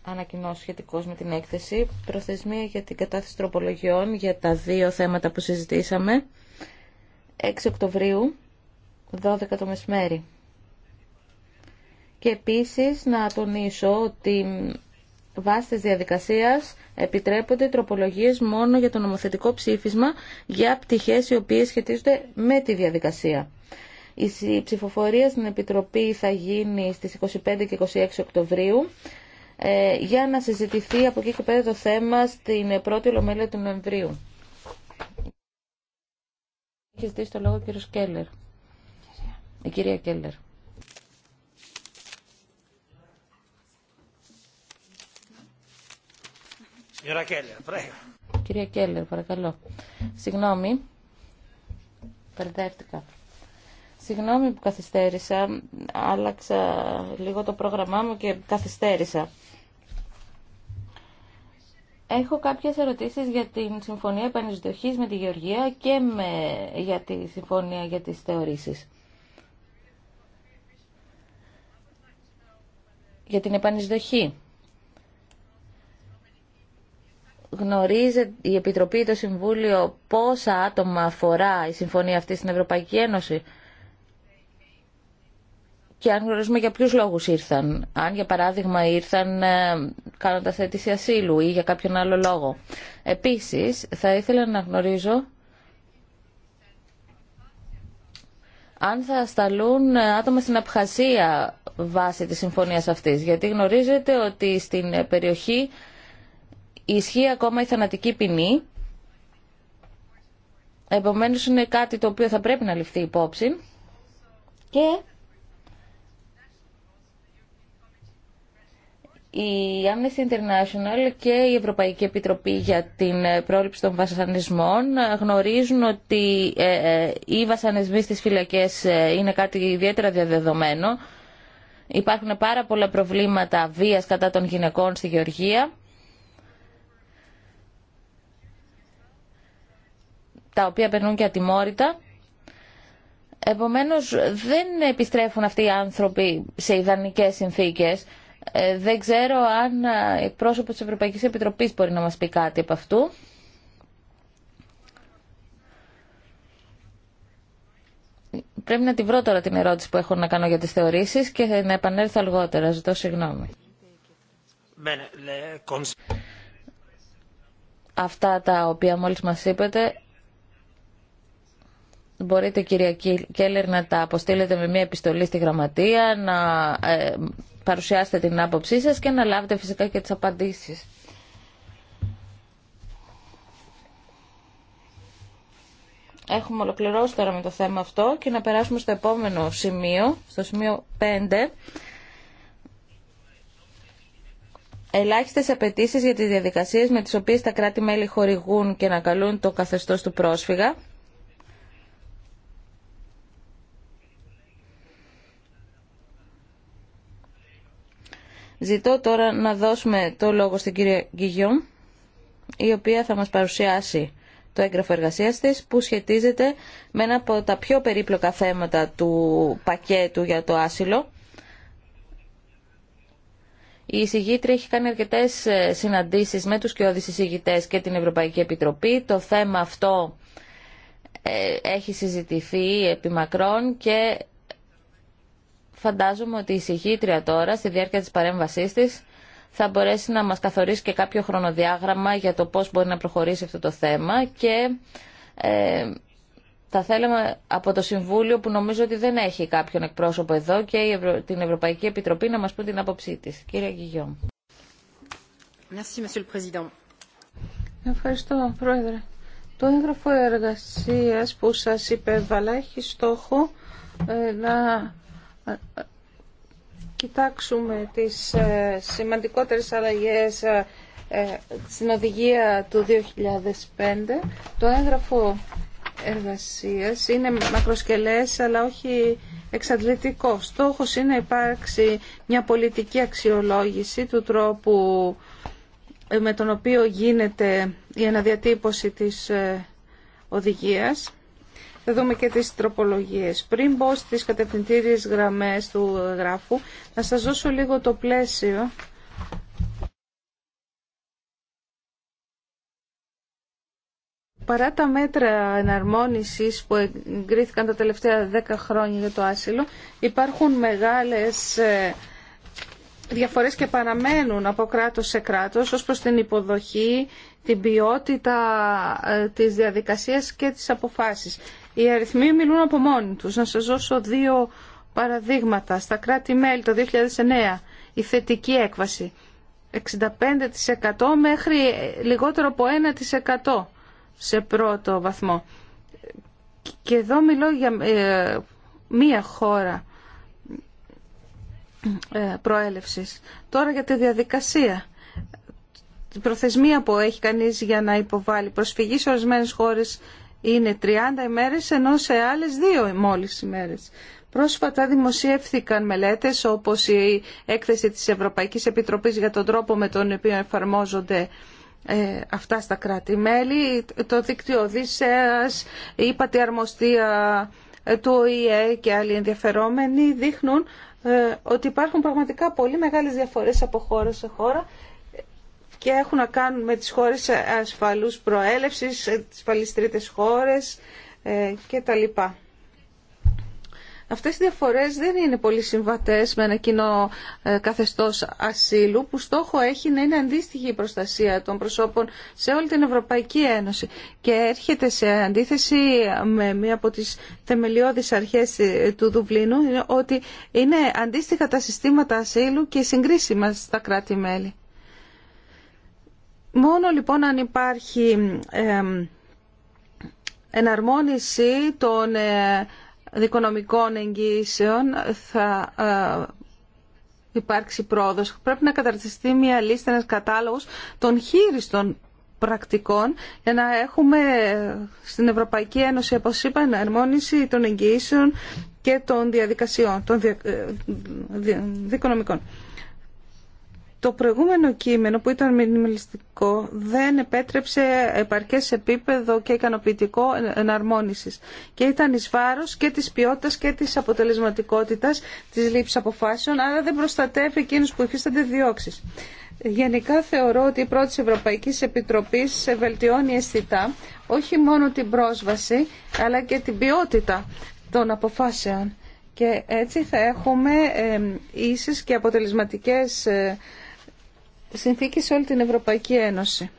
ανακοινώσεις σχετικώ με την έκθεση. Προθεσμία για την κατάθεση τροπολογιών για τα δύο θέματα που συζητήσαμε. 6 Οκτωβρίου, 12 το μεσημέρι. Και επίσης να τονίσω ότι βάσει της διαδικασίας επιτρέπονται τροπολογίες μόνο για το νομοθετικό ψήφισμα για πτυχές οι οποίες σχετίζονται με τη διαδικασία. Η ψηφοφορία στην Επιτροπή θα γίνει στις 25 και 26 Οκτωβρίου ε, για να συζητηθεί από εκεί και πέρα το θέμα στην πρώτη ολομέλεια του Νοεμβρίου. Έχει ζητήσει το λόγο ο κύριος Κέλλερ. Η κυρία Κέλλερ. Κυρία Κέλλερ, παρακαλώ. Συγγνώμη. Περδεύτηκα. Συγγνώμη που καθυστέρησα. Άλλαξα λίγο το πρόγραμμά μου και καθυστέρησα. Έχω κάποιες ερωτήσεις για την Συμφωνία Επανεισδοχής με τη Γεωργία και με... για τη Συμφωνία για τις θεωρήσεις. Για την επανεισδοχή. γνωρίζει η Επιτροπή ή το Συμβούλιο πόσα άτομα αφορά η συμφωνία αυτή στην Ευρωπαϊκή Ένωση και αν γνωρίζουμε για ποιους λόγους ήρθαν. Αν για παράδειγμα ήρθαν ε, κάνοντας αίτηση ασύλου ή για κάποιον άλλο λόγο. Επίσης θα ήθελα να γνωρίζω αν θα σταλούν ε, άτομα στην Απχασία βάσει της συμφωνίας αυτής. Γιατί γνωρίζετε ότι στην περιοχή Ισχύει ακόμα η θανατική ποινή. Επομένως είναι κάτι το οποίο θα πρέπει να ληφθεί υπόψη. Και η Amnesty International και η Ευρωπαϊκή Επιτροπή για την πρόληψη των βασανισμών γνωρίζουν ότι ε, ε, οι βασανισμοί στις φυλακές ε, είναι κάτι ιδιαίτερα διαδεδομένο. Υπάρχουν πάρα πολλά προβλήματα βίας κατά των γυναικών στη Γεωργία τα οποία περνούν και ατιμόρυτα. Επομένως δεν επιστρέφουν αυτοί οι άνθρωποι σε ιδανικές συνθήκες. Ε, δεν ξέρω αν ε, πρόσωπο της Ευρωπαϊκής Επιτροπής μπορεί να μας πει κάτι από αυτού. Πρέπει να τη βρω τώρα την ερώτηση που έχω να κάνω για τις θεωρήσεις και να επανέλθω αργότερα. Ζητώ συγγνώμη. Αυτά τα οποία μόλις μας είπατε Μπορείτε κυρία Κέλλερ να τα αποστείλετε με μια επιστολή στη γραμματεία, να ε, παρουσιάσετε την άποψή σας και να λάβετε φυσικά και τις απαντήσεις. Έχουμε ολοκληρώσει τώρα με το θέμα αυτό και να περάσουμε στο επόμενο σημείο, στο σημείο 5. Ελάχιστε απαιτήσει για τι διαδικασίε με τι οποίε τα κράτη-μέλη χορηγούν και ανακαλούν το καθεστώ του πρόσφυγα. Ζητώ τώρα να δώσουμε το λόγο στην κυρία Γκυγιόμ, η οποία θα μας παρουσιάσει το έγγραφο εργασίας της, που σχετίζεται με ένα από τα πιο περίπλοκα θέματα του πακέτου για το άσυλο. Η εισηγήτρια έχει κάνει αρκετέ ε, συναντήσεις με τους κοιόδης εισηγητές και την Ευρωπαϊκή Επιτροπή. Το θέμα αυτό ε, έχει συζητηθεί επί μακρόν και Φαντάζομαι ότι η συγχύτρια τώρα, στη διάρκεια της παρέμβασής της, θα μπορέσει να μας καθορίσει και κάποιο χρονοδιάγραμμα για το πώς μπορεί να προχωρήσει αυτό το θέμα και ε, θα θέλαμε από το Συμβούλιο που νομίζω ότι δεν έχει κάποιον εκπρόσωπο εδώ και την Ευρωπαϊκή Επιτροπή να μας πούν την άποψή της. Κύριε Γιγιόμ. Ευχαριστώ, Πρόεδρε. Το έγγραφο εργασίας που σας υπέβαλα έχει στόχο ε, να κοιτάξουμε τις ε, σημαντικότερες αλλαγές ε, ε, στην οδηγία του 2005, το έγγραφο εργασίας είναι μακροσκελές αλλά όχι εξαντλητικό. Στόχος είναι να υπάρξει μια πολιτική αξιολόγηση του τρόπου με τον οποίο γίνεται η αναδιατύπωση της οδηγίας θα δούμε και τις τροπολογίες. Πριν μπω στις κατευθυντήριες γραμμές του γράφου, να σας δώσω λίγο το πλαίσιο. Παρά τα μέτρα εναρμόνισης που εγκρίθηκαν τα τελευταία 10 χρόνια για το άσυλο, υπάρχουν μεγάλες ε, διαφορές και παραμένουν από κράτος σε κράτος ως προς την υποδοχή, την ποιότητα ε, της διαδικασίας και τις αποφάσεις. Οι αριθμοί μιλούν από μόνοι τους. Να σας δώσω δύο παραδείγματα. Στα κράτη-μέλη το 2009 η θετική έκβαση 65% μέχρι λιγότερο από 1% σε πρώτο βαθμό. Και εδώ μιλώ για ε, μία χώρα ε, προέλευσης. Τώρα για τη διαδικασία. Την προθεσμία που έχει κανείς για να υποβάλει προσφυγή σε ορισμένες χώρες είναι 30 ημέρες ενώ σε άλλες δύο μόλις ημέρες. Πρόσφατα δημοσιεύθηκαν μελέτες όπως η έκθεση της Ευρωπαϊκής Επιτροπής για τον τρόπο με τον οποίο εφαρμόζονται ε, αυτά στα κράτη-μέλη, το δίκτυο Οδύσσεας, η πατιαρμοστία του ΟΗΕ και άλλοι ενδιαφερόμενοι δείχνουν ε, ότι υπάρχουν πραγματικά πολύ μεγάλες διαφορές από χώρα σε χώρα και έχουν να κάνουν με τις χώρες ασφαλούς προέλευσης, ε, τις παλιστρίτες χώρες ε, και τα λοιπά. Αυτές οι διαφορές δεν είναι πολύ συμβατές με ένα κοινό ε, καθεστώς ασύλου που στόχο έχει να είναι αντίστοιχη η προστασία των προσώπων σε όλη την Ευρωπαϊκή Ένωση και έρχεται σε αντίθεση με μία από τις θεμελιώδεις αρχές του Δουβλίνου ότι είναι αντίστοιχα τα συστήματα ασύλου και συγκρίσιμα στα κράτη-μέλη. Μόνο λοιπόν αν υπάρχει εναρμόνιση των ε, δικονομικών εγγύσεων θα ε, υπάρξει πρόοδος. Πρέπει να καταρτιστεί μια λίστα, ένας κατάλογος των χείριστων πρακτικών για να έχουμε στην Ευρωπαϊκή Ένωση, όπως είπα, εναρμόνιση των εγγύσεων και των διαδικασιών, των ε, δικονομικών. Το προηγούμενο κείμενο που ήταν μινιμαλιστικό δεν επέτρεψε επαρκέ επίπεδο και ικανοποιητικό εναρμόνιση. και ήταν ει βάρο και της ποιότητα και της αποτελεσματικότητα, της λήψη αποφάσεων, αλλά δεν προστατεύει εκείνου που υφίστανται διώξει. Γενικά θεωρώ ότι η πρώτη Ευρωπαϊκή Επιτροπή βελτιώνει αισθητά όχι μόνο την πρόσβαση αλλά και την ποιότητα των αποφάσεων. Και έτσι θα έχουμε ίσες και αποτελεσματικές ε, συνθήκη σε όλη την Ευρωπαϊκή Ένωση.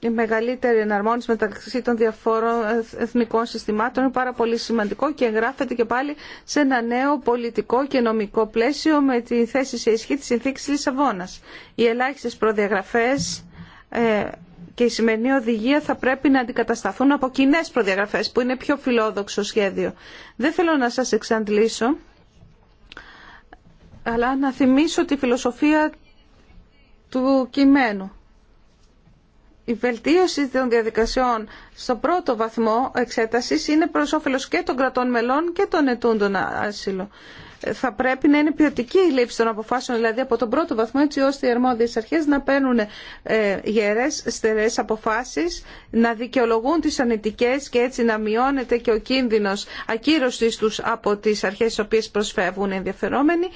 Η μεγαλύτερη εναρμόνιση μεταξύ των διαφόρων εθνικών συστημάτων είναι πάρα πολύ σημαντικό και εγγράφεται και πάλι σε ένα νέο πολιτικό και νομικό πλαίσιο με τη θέση σε ισχύ της συνθήκης Λισαβόνας. Οι ελάχιστες προδιαγραφές ε, και η σημερινή οδηγία θα πρέπει να αντικατασταθούν από κοινέ προδιαγραφές που είναι πιο φιλόδοξο σχέδιο. Δεν θέλω να σας εξαντλήσω αλλά να θυμίσω τη φιλοσοφία του κειμένου. Η βελτίωση των διαδικασιών στο πρώτο βαθμό εξέταση είναι προ όφελο και των κρατών μελών και των ετούντων άσυλο. Θα πρέπει να είναι ποιοτική η λήψη των αποφάσεων, δηλαδή από τον πρώτο βαθμό, έτσι ώστε οι αρμόδιε αρχέ να παίρνουν ε, γερές, στερέ αποφάσει, να δικαιολογούν τι ανητικέ και έτσι να μειώνεται και ο κίνδυνο ακύρωση του από τι αρχέ στι οποίε προσφεύγουν οι ενδιαφερόμενοι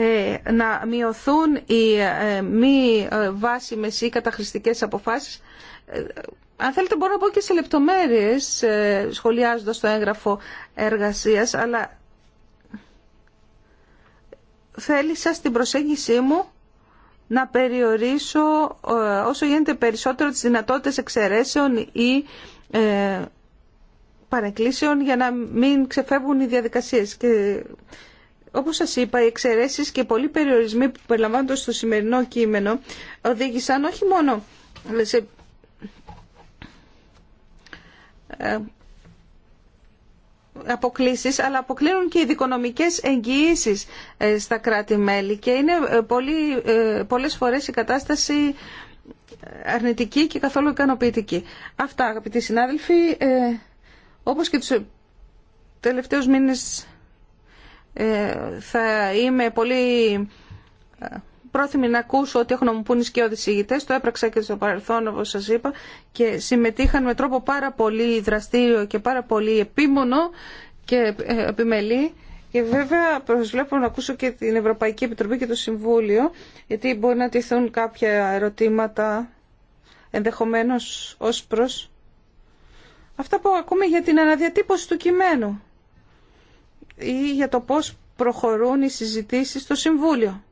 ε, να μειωθούν οι ε, μη ε, βάσιμες ή καταχρηστικές αποφάσεις. Αν θέλετε μπορώ να πω και σε λεπτομέρειες σχολιάζοντας το έγγραφο εργασίας, αλλά θέλησα στην προσέγγιση μου να περιορίσω όσο γίνεται περισσότερο τις δυνατότητες εξαιρέσεων ή παρεκκλήσεων για να μην ξεφεύγουν οι διαδικασίες. Όπως σας είπα, οι εξαιρεσει και πολλοί περιορισμοί που περιλαμβάνονται στο σημερινό κείμενο οδήγησαν όχι μόνο σε ε, αποκλήσεις, αλλά αποκλίνουν και οι δικονομικές εγγυήσεις ε, στα κράτη-μέλη και είναι ε, πολύ, πολλές φορές η κατάσταση αρνητική και καθόλου ικανοποιητική. Αυτά, αγαπητοί συνάδελφοι, όπως και τους τελευταίους μήνες ε, θα είμαι πολύ ε, πρόθυμη να ακούσω ότι έχουν να μου πούν οι σκιώδεις ηγητές. Το έπραξα και στο παρελθόν όπως σας είπα και συμμετείχαν με τρόπο πάρα πολύ δραστήριο και πάρα πολύ επίμονο και ε, επιμελή. Και βέβαια προσβλέπω να ακούσω και την Ευρωπαϊκή Επιτροπή και το Συμβούλιο, γιατί μπορεί να τηθούν κάποια ερωτήματα ενδεχομένως ως προς αυτά που ακούμε για την αναδιατύπωση του κειμένου ή για το πώς προχωρούν οι συζητήσεις στο Συμβούλιο.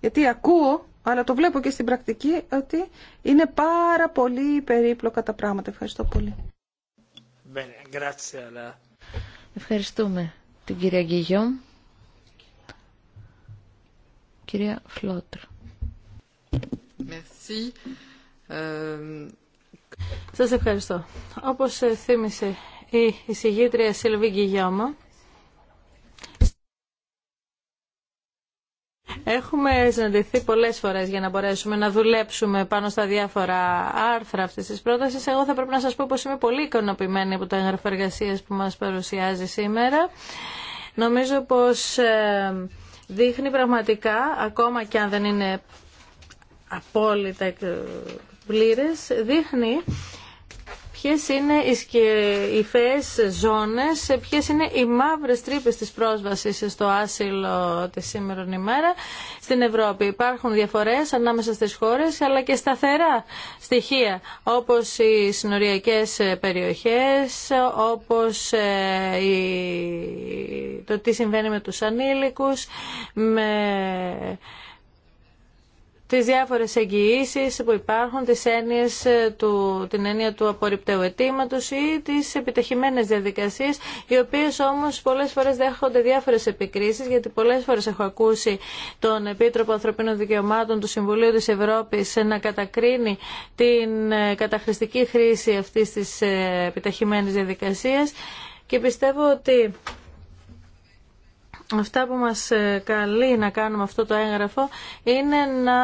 Γιατί ακούω, αλλά το βλέπω και στην πρακτική, ότι είναι πάρα πολύ περίπλοκα τα πράγματα. Ευχαριστώ πολύ. Ευχαριστούμε την κυρία Γκυγιόμ. Κυρία Φλότρ. Σας ευχαριστώ. Όπως ε, θύμισε η εισηγήτρια Σιλβί Γκυγιόμα, Έχουμε συναντηθεί πολλές φορές για να μπορέσουμε να δουλέψουμε πάνω στα διάφορα άρθρα αυτή τη πρόταση. Εγώ θα πρέπει να σας πω πως είμαι πολύ ικανοποιημένη από τα έγγραφο εργασία που μας παρουσιάζει σήμερα. Νομίζω πως ε, δείχνει πραγματικά, ακόμα και αν δεν είναι απόλυτα ε, πλήρε, δείχνει Ποιε είναι οι φαιές ζώνε, ποιε είναι οι μαύρε τρύπε της πρόσβασης στο άσυλο τη σήμερα ημέρα στην Ευρώπη. Υπάρχουν διαφορές ανάμεσα στι χώρε, αλλά και σταθερά στοιχεία όπως οι συνοριακές περιοχές, όπως ε, το τι συμβαίνει με τους ανήλικους, με τις διάφορες εγγυήσει που υπάρχουν, τις έννοιες ε, του, την έννοια του απορριπταίου αιτήματο ή τις επιτυχημένες διαδικασίες, οι οποίες όμως πολλές φορές δέχονται διάφορες επικρίσεις, γιατί πολλές φορές έχω ακούσει τον Επίτροπο Ανθρωπίνων Δικαιωμάτων του Συμβουλίου της Ευρώπης ε, να κατακρίνει την ε, καταχρηστική χρήση αυτή της επιταχυμένης διαδικασίας και πιστεύω ότι αυτά που μας ε, καλεί να κάνουμε αυτό το έγγραφο είναι να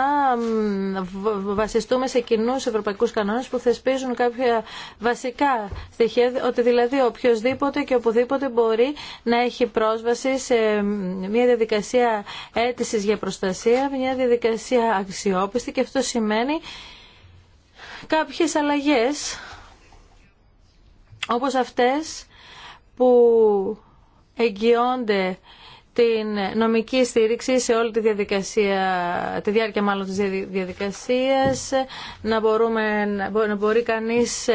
βασιστούμε σε κοινούς ευρωπαϊκούς κανόνες που θεσπίζουν κάποια βασικά στοιχεία, ότι δηλαδή οποιοδήποτε και οπουδήποτε μπορεί να έχει πρόσβαση σε μια διαδικασία αίτησης για προστασία, μια διαδικασία αξιόπιστη και αυτό σημαίνει κάποιες αλλαγές όπως αυτές που εγγυώνται την νομική στήριξη σε όλη τη διαδικασία, τη διάρκεια μάλλον της διαδικασίας, να, μπορούμε, να μπορεί κανείς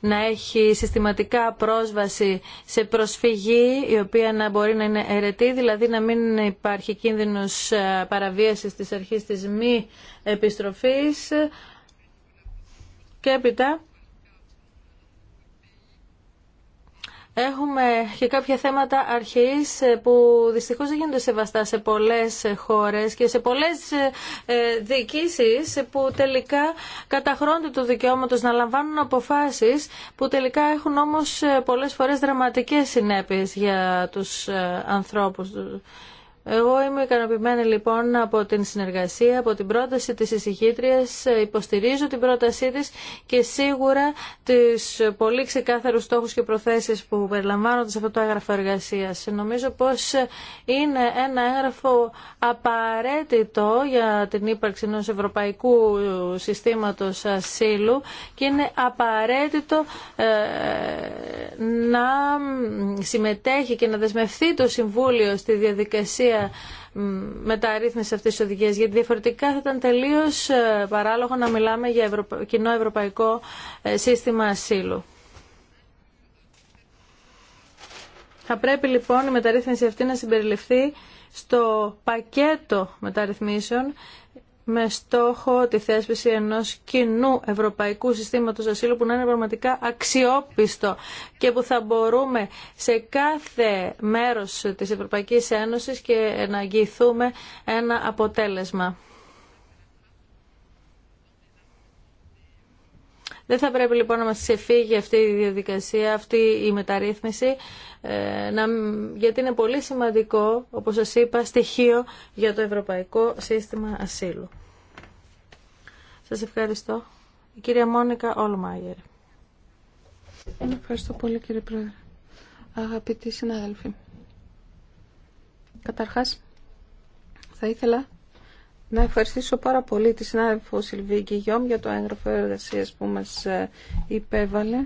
να έχει συστηματικά πρόσβαση σε προσφυγή, η οποία να μπορεί να είναι αιρετή, δηλαδή να μην υπάρχει κίνδυνος ε, παραβίασης της αρχής της μη επιστροφής και έπειτα Έχουμε και κάποια θέματα αρχής ε, που δυστυχώς δεν γίνονται σεβαστά σε πολλές ε, χώρες και σε πολλές ε, διοικήσεις που τελικά καταχρώνται του δικαιώματος να λαμβάνουν αποφάσεις που τελικά έχουν όμως πολλές φορές δραματικές συνέπειες για τους ανθρώπους εγώ είμαι ικανοποιημένη λοιπόν από την συνεργασία, από την πρόταση της εισηγήτριας, υποστηρίζω την πρότασή της και σίγουρα τις πολύ ξεκάθαρους στόχους και προθέσεις που περιλαμβάνονται σε αυτό το έγγραφο εργασίας. Νομίζω πως είναι ένα έγγραφο απαραίτητο για την ύπαρξη ενός ευρωπαϊκού συστήματος ασύλου και είναι απαραίτητο ε, να συμμετέχει και να δεσμευτεί το Συμβούλιο στη διαδικασία οποία μεταρρύθμιση αυτής της οδηγίας, γιατί διαφορετικά θα ήταν τελείως ε, παράλογο να μιλάμε για κοινό ευρωπαϊκό ε, σύστημα ασύλου. Θα πρέπει λοιπόν η μεταρρύθμιση αυτή να συμπεριληφθεί στο πακέτο μεταρρυθμίσεων με στόχο τη θέσπιση ενός κοινού ευρωπαϊκού συστήματος ασύλου που να είναι πραγματικά αξιόπιστο και που θα μπορούμε σε κάθε μέρος της Ευρωπαϊκής Ένωσης και να αγγιηθούμε ένα αποτέλεσμα. Δεν θα πρέπει λοιπόν να μας ξεφύγει αυτή η διαδικασία, αυτή η μεταρρύθμιση, ε, να, γιατί είναι πολύ σημαντικό, όπως σας είπα, στοιχείο για το Ευρωπαϊκό Σύστημα Ασύλου. Σας ευχαριστώ. Η κυρία Μόνικα Όλμαγερ. Ευχαριστώ πολύ κύριε Πρόεδρε. Αγαπητοί συνάδελφοι. Καταρχάς, θα ήθελα να ευχαριστήσω πάρα πολύ τη συνάδελφο Σιλβίκη Γιώμ για το έγγραφο εργασία που μας ε, υπέβαλε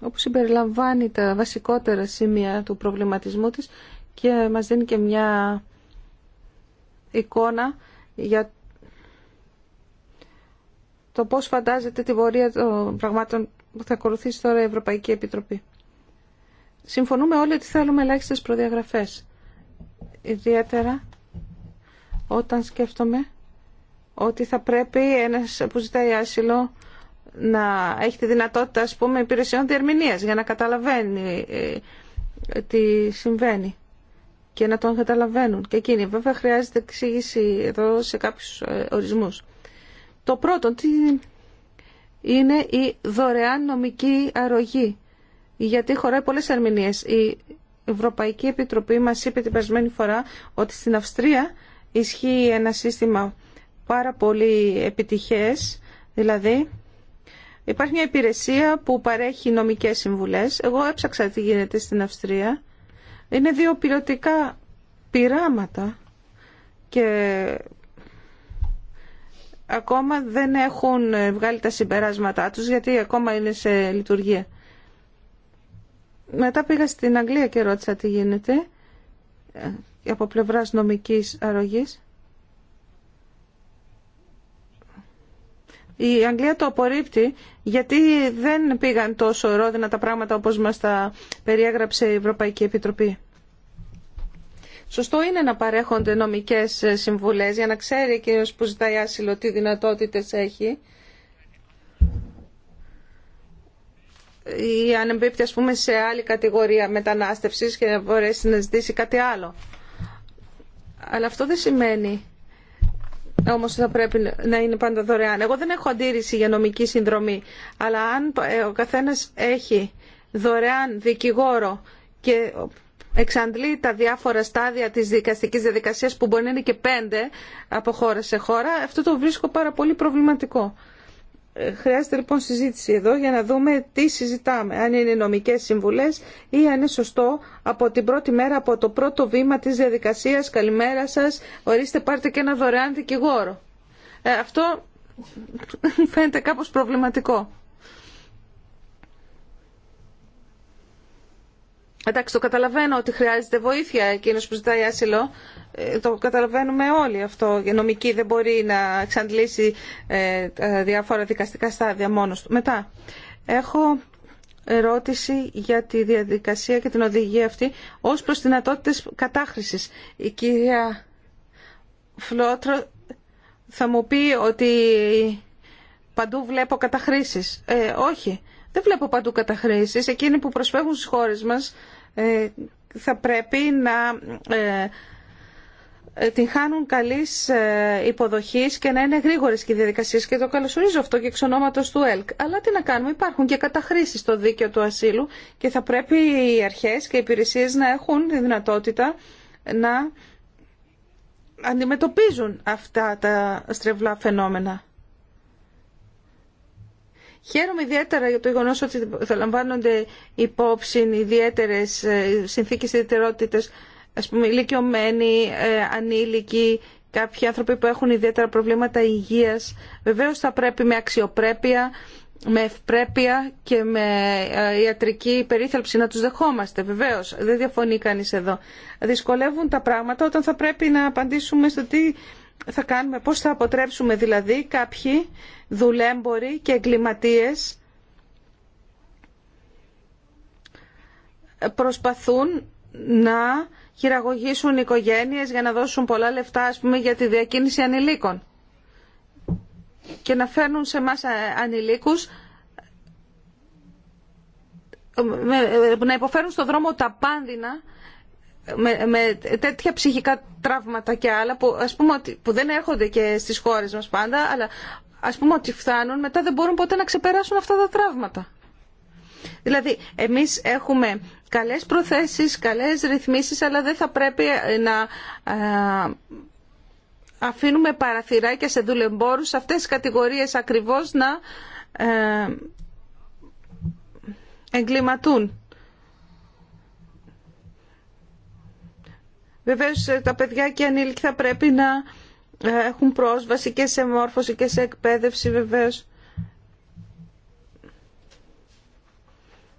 όπου συμπεριλαμβάνει τα βασικότερα σημεία του προβληματισμού της και μας δίνει και μια εικόνα για το πώς φαντάζεται τη βορεία των πραγμάτων που θα ακολουθήσει τώρα η Ευρωπαϊκή Επιτροπή. Συμφωνούμε όλοι ότι θέλουμε ελάχιστε προδιαγραφές. Ιδιαίτερα όταν σκέφτομαι ότι θα πρέπει ένας που ζητάει άσυλο να έχει τη δυνατότητα ας πούμε υπηρεσιών διερμηνίας για να καταλαβαίνει ε, τι συμβαίνει και να τον καταλαβαίνουν. Και εκείνη βέβαια χρειάζεται εξήγηση εδώ σε κάποιους ε, ορισμούς. Το πρώτο τι είναι η δωρεάν νομική αρρωγή γιατί χωράει πολλές ερμηνείες. Η Ευρωπαϊκή Επιτροπή μας είπε την περασμένη φορά ότι στην Αυστρία ισχύει ένα σύστημα πάρα πολύ επιτυχές, δηλαδή υπάρχει μια υπηρεσία που παρέχει νομικές συμβουλές. Εγώ έψαξα τι γίνεται στην Αυστρία. Είναι δύο πιλωτικά πειράματα και ακόμα δεν έχουν βγάλει τα συμπεράσματά τους γιατί ακόμα είναι σε λειτουργία. Μετά πήγα στην Αγγλία και ρώτησα τι γίνεται από πλευράς νομικής αρρωγής. Η Αγγλία το απορρίπτει γιατί δεν πήγαν τόσο ρόδινα τα πράγματα όπως μας τα περιέγραψε η Ευρωπαϊκή Επιτροπή. Σωστό είναι να παρέχονται νομικές συμβουλές για να ξέρει εκείνος που ζητάει άσυλο τι δυνατότητες έχει. Ή αν εμπίπτει σε άλλη κατηγορία μετανάστευσης και να μπορέσει να ζητήσει κάτι άλλο. Αλλά αυτό δεν σημαίνει Όμω θα πρέπει να είναι πάντα δωρεάν. Εγώ δεν έχω αντίρρηση για νομική συνδρομή. Αλλά αν ε, ο καθένα έχει δωρεάν δικηγόρο και εξαντλεί τα διάφορα στάδια της δικαστικής διαδικασίας που μπορεί να είναι και πέντε από χώρα σε χώρα, αυτό το βρίσκω πάρα πολύ προβληματικό. Χρειάζεται λοιπόν συζήτηση εδώ για να δούμε τι συζητάμε, αν είναι νομικές συμβουλές ή αν είναι σωστό από την πρώτη μέρα, από το πρώτο βήμα της διαδικασίας, καλημέρα σας, ορίστε πάρτε και ένα δωρεάν δικηγόρο. Ε, αυτό φαίνεται κάπως προβληματικό. Εντάξει, το καταλαβαίνω ότι χρειάζεται βοήθεια εκείνο που ζητάει άσυλο. Ε, το καταλαβαίνουμε όλοι αυτό. Η νομική δεν μπορεί να εξαντλήσει ε, τα διάφορα δικαστικά στάδια μόνος του. Μετά, έχω ερώτηση για τη διαδικασία και την οδηγία αυτή ως προς δυνατότητες κατάχρησης. Η κυρία Φλότρο θα μου πει ότι παντού βλέπω καταχρήσεις. Ε, όχι. Δεν βλέπω παντού καταχρήσεις. Εκείνοι που προσφεύγουν στις χώρες μας ε, θα πρέπει να ε, ε, την χάνουν καλή υποδοχή και να είναι γρήγορε και οι διαδικασίε. Και το καλωσορίζω αυτό και εξ ονόματο του ΕΛΚ. Αλλά τι να κάνουμε, υπάρχουν και καταχρήσει στο δίκαιο του ασύλου και θα πρέπει οι αρχέ και οι υπηρεσίε να έχουν τη δυνατότητα να αντιμετωπίζουν αυτά τα στρεβλά φαινόμενα. Χαίρομαι ιδιαίτερα για το γεγονό ότι θα λαμβάνονται υπόψη ιδιαίτερε ε, συνθήκε ιδιαιτερότητε, α πούμε, ηλικιωμένοι, ε, ανήλικοι, κάποιοι άνθρωποι που έχουν ιδιαίτερα προβλήματα υγεία. Βεβαίω θα πρέπει με αξιοπρέπεια, με ευπρέπεια και με ε, ιατρική περίθαλψη να τους δεχόμαστε. Βεβαίω, δεν διαφωνεί κανεί εδώ. Δυσκολεύουν τα πράγματα όταν θα πρέπει να απαντήσουμε στο τι θα κάνουμε, πώς θα αποτρέψουμε δηλαδή κάποιοι δουλέμποροι και εγκληματίες προσπαθούν να χειραγωγήσουν οικογένειες για να δώσουν πολλά λεφτά ας πούμε, για τη διακίνηση ανηλίκων και να φέρνουν σε μας ε, ανηλίκους ε, να υποφέρουν στον δρόμο τα πάνδυνα με, με τέτοια ψυχικά τραύματα και άλλα που, ας πούμε, που δεν έρχονται και στις χώρες μας πάντα αλλά ας πούμε ότι φτάνουν, μετά δεν μπορούν ποτέ να ξεπεράσουν αυτά τα τραύματα. Δηλαδή, εμείς έχουμε καλές προθέσεις, καλές ρυθμίσεις, αλλά δεν θα πρέπει ε, να ε, αφήνουμε παραθυράκια σε δουλεμπόρους, σε αυτές τις κατηγορίες ακριβώς να ε, εγκληματούν. Βεβαίως, τα παιδιά και οι ανήλικοι θα πρέπει να έχουν πρόσβαση και σε μόρφωση και σε εκπαίδευση βεβαίως.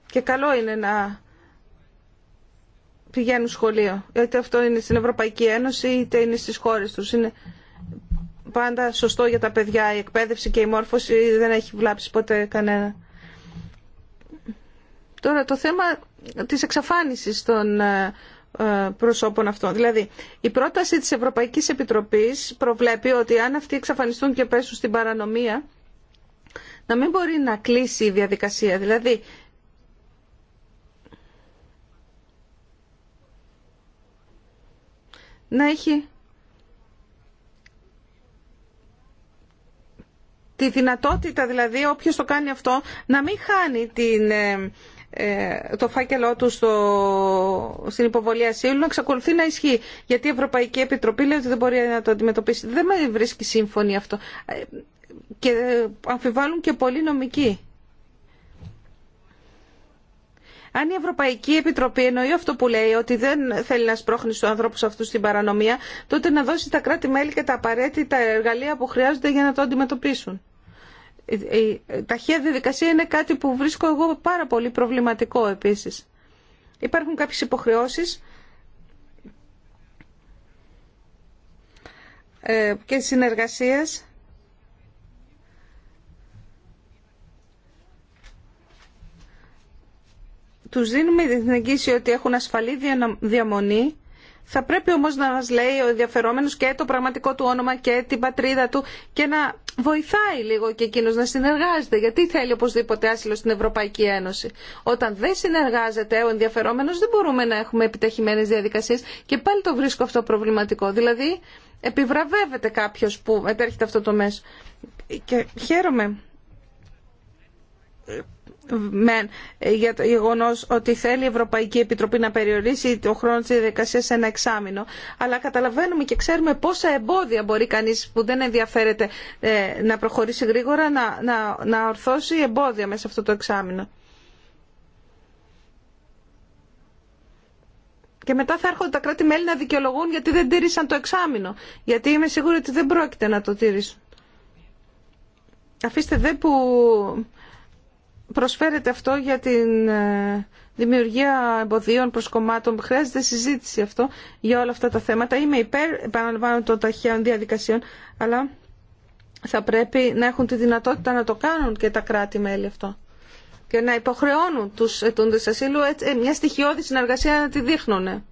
Και καλό είναι να πηγαίνουν σχολείο. Είτε αυτό είναι στην Ευρωπαϊκή Ένωση είτε είναι στις χώρες τους. Είναι πάντα σωστό για τα παιδιά η εκπαίδευση και η μόρφωση δεν έχει βλάψει ποτέ κανένα. Τώρα το θέμα της εξαφάνισης των ε, ε, προσώπων αυτών. Δηλαδή, η πρόταση της Ευρωπαϊκής Επιτροπής προβλέπει ότι αν αυτοί εξαφανιστούν και πέσουν στην παρανομία, να μην μπορεί να κλείσει η διαδικασία. Δηλαδή, να έχει τη δυνατότητα, δηλαδή, όποιος το κάνει αυτό, να μην χάνει την ε, ε, το φάκελό του στο, στην υποβολή ασύλου να εξακολουθεί να ισχύει. Γιατί η Ευρωπαϊκή Επιτροπή λέει ότι δεν μπορεί να το αντιμετωπίσει. Δεν με βρίσκει σύμφωνη αυτό. Ε, και ε, αμφιβάλλουν και πολλοί νομικοί. Αν η Ευρωπαϊκή Επιτροπή εννοεί αυτό που λέει, ότι δεν θέλει να σπρώχνει στου ανθρώπου αυτού στην παρανομία, τότε να δώσει τα κράτη-μέλη και τα απαραίτητα εργαλεία που χρειάζονται για να το αντιμετωπίσουν η ταχεία διαδικασία είναι κάτι που βρίσκω εγώ πάρα πολύ προβληματικό επίσης. Υπάρχουν κάποιες υποχρεώσεις ε, και συνεργασίες. τους δίνουμε την εγγύση ότι έχουν ασφαλή διαμονή θα πρέπει όμως να μας λέει ο ενδιαφερόμενος και το πραγματικό του όνομα και την πατρίδα του και να βοηθάει λίγο και εκείνο να συνεργάζεται. Γιατί θέλει οπωσδήποτε άσυλο στην Ευρωπαϊκή Ένωση. Όταν δεν συνεργάζεται ο ενδιαφερόμενος δεν μπορούμε να έχουμε επιταχυμένες διαδικασίες και πάλι το βρίσκω αυτό προβληματικό. Δηλαδή επιβραβεύεται κάποιο που μετέρχεται αυτό το μέσο. Και χαίρομαι μεν για το γεγονό ότι θέλει η Ευρωπαϊκή Επιτροπή να περιορίσει το χρόνο τη διαδικασία σε ένα εξάμεινο, αλλά καταλαβαίνουμε και ξέρουμε πόσα εμπόδια μπορεί κανεί που δεν ενδιαφέρεται ε, να προχωρήσει γρήγορα να, να, να ορθώσει εμπόδια μέσα σε αυτό το εξάμεινο. Και μετά θα έρχονται τα κράτη-μέλη να δικαιολογούν γιατί δεν τήρησαν το εξάμεινο. Γιατί είμαι σίγουρη ότι δεν πρόκειται να το τήρησουν. Αφήστε δε που προσφέρεται αυτό για την ε, δημιουργία εμποδίων προς κομμάτων. Χρειάζεται συζήτηση αυτό για όλα αυτά τα θέματα. Είμαι υπέρ, επαναλαμβάνω, των ταχαίων διαδικασιών, αλλά θα πρέπει να έχουν τη δυνατότητα να το κάνουν και τα κράτη-μέλη αυτό και να υποχρεώνουν τους ετούντες ασύλου έτσι, ε, ε, μια στοιχειώδη συνεργασία να τη δείχνουν.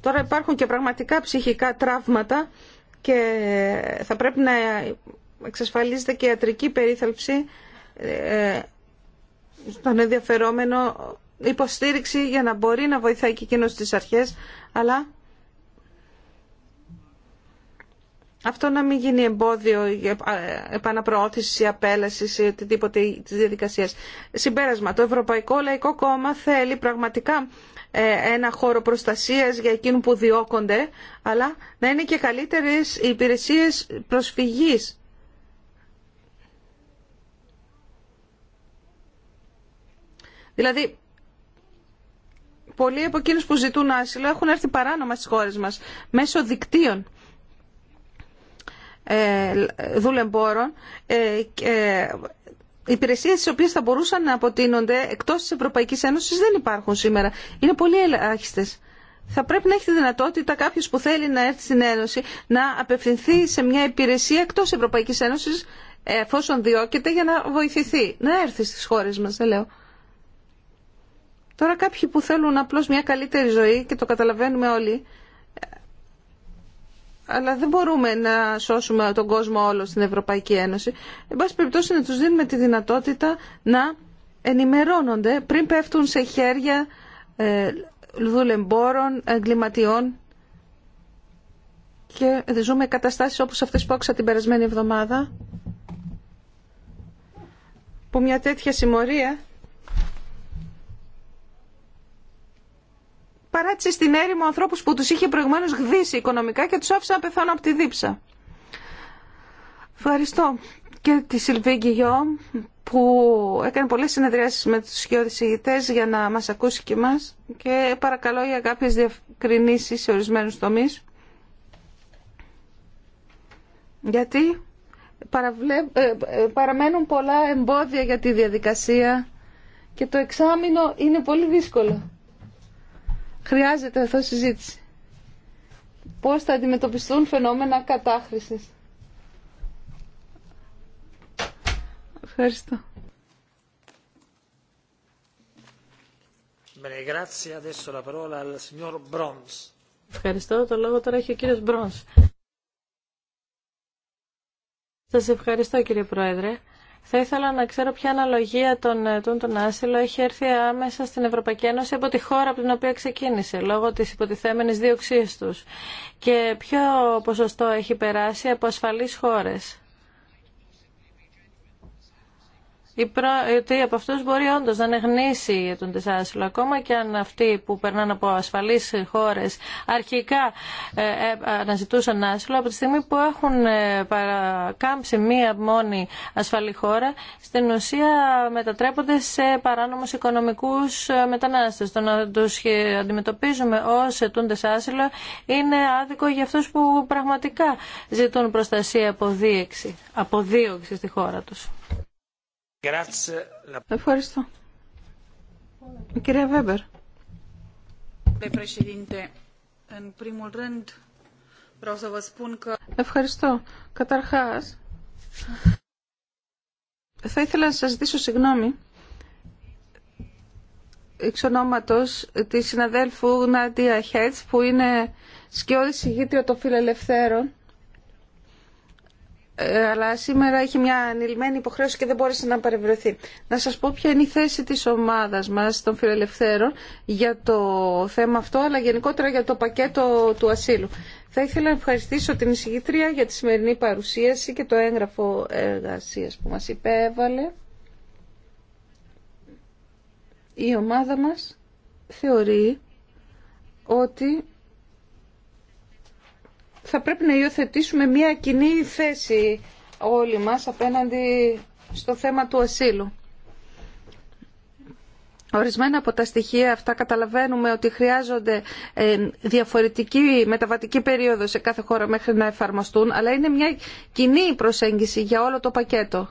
Τώρα υπάρχουν και πραγματικά ψυχικά τραύματα και θα πρέπει να εξασφαλίζεται και ιατρική περίθαλψη ε, στον ενδιαφερόμενο υποστήριξη για να μπορεί να βοηθάει και εκείνος στις αρχές, αλλά αυτό να μην γίνει εμπόδιο για ε, επαναπροώθηση ή απέλαση ή οτιδήποτε τη διαδικασία. Συμπέρασμα, το Ευρωπαϊκό Λαϊκό Κόμμα θέλει πραγματικά ε, ένα χώρο προστασίας για εκείνου που διώκονται, αλλά να είναι και καλύτερες οι υπηρεσίες προσφυγής Δηλαδή, πολλοί από εκείνους που ζητούν άσυλο έχουν έρθει παράνομα στις χώρες μας, μέσω δικτύων ε, δουλεμπόρων ε, και ε, υπηρεσίε τι οποίε θα μπορούσαν να αποτείνονται εκτό τη Ευρωπαϊκή Ένωση δεν υπάρχουν σήμερα. Είναι πολύ ελάχιστε. Θα πρέπει να έχει τη δυνατότητα κάποιο που θέλει να έρθει στην Ένωση να απευθυνθεί σε μια υπηρεσία εκτό Ευρωπαϊκή Ένωση εφόσον διώκεται για να βοηθηθεί. Να έρθει στι χώρε μα, δεν λέω. Τώρα κάποιοι που θέλουν απλώς μια καλύτερη ζωή και το καταλαβαίνουμε όλοι, αλλά δεν μπορούμε να σώσουμε τον κόσμο όλο στην Ευρωπαϊκή Ένωση. Εν πάση περιπτώσει να τους δίνουμε τη δυνατότητα να ενημερώνονται πριν πέφτουν σε χέρια ε, δουλεμπόρων, εγκληματιών και ζούμε καταστάσεις όπως αυτές που άκουσα την περασμένη εβδομάδα που μια τέτοια συμμορία παράτησε στην έρημο ανθρώπους που τους είχε προηγουμένως γδίσει οικονομικά και τους άφησε να πεθάνουν από τη δίψα. Ευχαριστώ και τη Σιλβί Γκυγιό που έκανε πολλές συνεδριάσεις με τους γεωδησηγητές για να μας ακούσει και εμά και παρακαλώ για κάποιες διευκρινήσεις σε ορισμένους τομείς. Γιατί ε, ε, παραμένουν πολλά εμπόδια για τη διαδικασία και το εξάμεινο είναι πολύ δύσκολο. Χρειάζεται αυτό συζήτηση. Πώς θα αντιμετωπιστούν φαινόμενα κατάχρησης. Ευχαριστώ. Ευχαριστώ. Το λόγο τώρα έχει ο κύριος Μπρόνς. Σας ευχαριστώ κύριε Πρόεδρε. Θα ήθελα να ξέρω ποια αναλογία των ετών των άσυλο έχει έρθει άμεσα στην Ευρωπαϊκή Ένωση από τη χώρα από την οποία ξεκίνησε, λόγω της υποτιθέμενης δίωξής τους. Και ποιο ποσοστό έχει περάσει από ασφαλείς χώρες. ότι από αυτούς μπορεί όντως να είναι γνήσιοι για τον άσυλο ακόμα και αν αυτοί που περνάνε από ασφαλείς χώρες αρχικά ε, ε, αναζητούσαν άσυλο από τη στιγμή που έχουν ε, παρακάμψει μία μόνη ασφαλή χώρα στην ουσία μετατρέπονται σε παράνομους οικονομικούς μετανάστες. Το να τους αντιμετωπίζουμε ως τον άσυλο είναι άδικο για αυτούς που πραγματικά ζητούν προστασία αποδίωξη στη χώρα τους. Ευχαριστώ. κυρία Βέμπερ. Ευχαριστώ. Καταρχάς, θα ήθελα να σας ζητήσω συγγνώμη εξ ονόματος της συναδέλφου Νάντια Χέτς που είναι σκιώδης ηγήτρια των φιλελευθέρων ε, αλλά σήμερα έχει μια ανηλμένη υποχρέωση και δεν μπόρεσε να παρευρεθεί. Να σας πω ποια είναι η θέση της ομάδας μας των φιλελευθέρων για το θέμα αυτό, αλλά γενικότερα για το πακέτο του ασύλου. Θα ήθελα να ευχαριστήσω την εισηγήτρια για τη σημερινή παρουσίαση και το έγγραφο εργασίας που μας υπέβαλε. Η ομάδα μας θεωρεί ότι θα πρέπει να υιοθετήσουμε μια κοινή θέση όλοι μας απέναντι στο θέμα του ασύλου. Ορισμένα από τα στοιχεία αυτά καταλαβαίνουμε ότι χρειάζονται ε, διαφορετική μεταβατική περίοδο σε κάθε χώρα μέχρι να εφαρμοστούν, αλλά είναι μια κοινή προσέγγιση για όλο το πακέτο.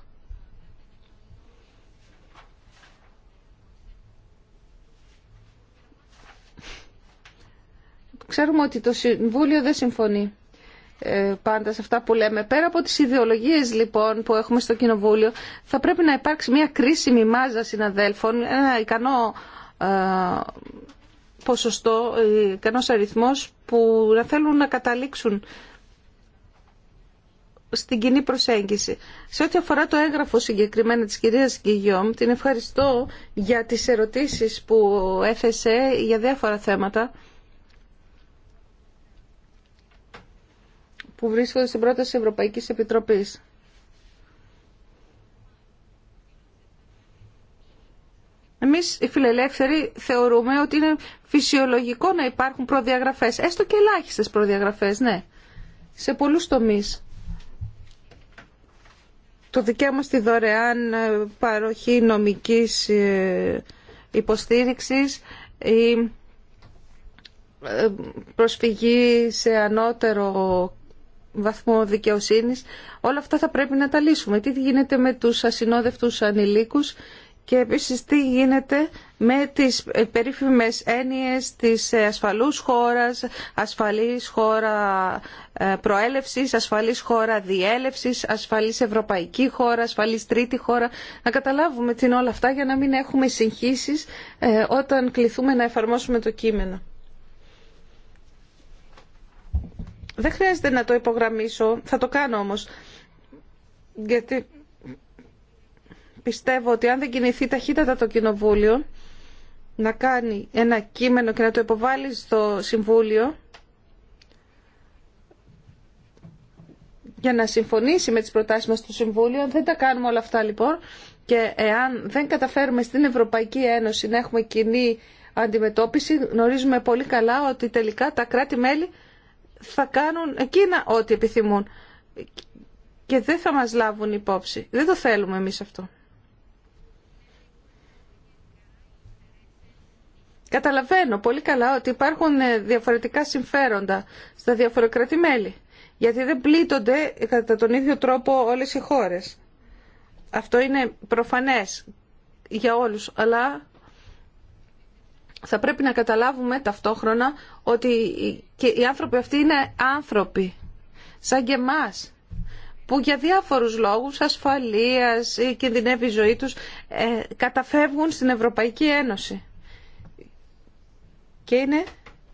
Ξέρουμε ότι το Συμβούλιο δεν συμφωνεί. Ε, πάντα σε αυτά που λέμε. Πέρα από τις ιδεολογίες λοιπόν που έχουμε στο Κοινοβούλιο θα πρέπει να υπάρξει μια κρίσιμη μάζα συναδέλφων, ένα ικανό ε, ποσοστό, ε, ικανός αριθμός που να θέλουν να καταλήξουν στην κοινή προσέγγιση. Σε ό,τι αφορά το έγγραφο συγκεκριμένα της κυρίας Γκυγιόμ, την ευχαριστώ για τις ερωτήσεις που έθεσε για διάφορα θέματα. που βρίσκονται στην πρόταση Ευρωπαϊκής Επιτροπής. Εμείς οι φιλελεύθεροι θεωρούμε ότι είναι φυσιολογικό να υπάρχουν προδιαγραφές, έστω και ελάχιστε προδιαγραφές, ναι, σε πολλούς τομείς. Το δικαίωμα στη δωρεάν ε, παροχή νομικής ε, υποστήριξης ή ε, προσφυγή σε ανώτερο βαθμό δικαιοσύνη. Όλα αυτά θα πρέπει να τα λύσουμε. Τι γίνεται με τους ασυνόδευτους ανηλίκους και επίσης τι γίνεται με τις περίφημες έννοιες της ασφαλούς χώρας, ασφαλής χώρα ε, προέλευσης, ασφαλής χώρα διέλευσης, ασφαλής ευρωπαϊκή χώρα, ασφαλής τρίτη χώρα. Να καταλάβουμε τι είναι όλα αυτά για να μην έχουμε συγχύσεις ε, όταν κληθούμε να εφαρμόσουμε το κείμενο. Δεν χρειάζεται να το υπογραμμίσω, θα το κάνω όμως, γιατί πιστεύω ότι αν δεν κινηθεί ταχύτατα το Κοινοβούλιο να κάνει ένα κείμενο και να το υποβάλει στο Συμβούλιο για να συμφωνήσει με τις προτάσεις μας στο Συμβούλιο, δεν τα κάνουμε όλα αυτά λοιπόν και εάν δεν καταφέρουμε στην Ευρωπαϊκή Ένωση να έχουμε κοινή αντιμετώπιση, γνωρίζουμε πολύ καλά ότι τελικά τα κράτη-μέλη θα κάνουν εκείνα ό,τι επιθυμούν και δεν θα μας λάβουν υπόψη. Δεν το θέλουμε εμείς αυτό. Καταλαβαίνω πολύ καλά ότι υπάρχουν ε, διαφορετικά συμφέροντα στα διαφοροκρατή μέλη, γιατί δεν πλήττονται κατά τον ίδιο τρόπο όλες οι χώρες. Αυτό είναι προφανές για όλους, αλλά θα πρέπει να καταλάβουμε ταυτόχρονα ότι και οι άνθρωποι αυτοί είναι άνθρωποι, σαν και εμά, που για διάφορους λόγους ασφαλείας ή κινδυνεύει η ζωή τους ε, καταφεύγουν στην Ευρωπαϊκή Ένωση. Και είναι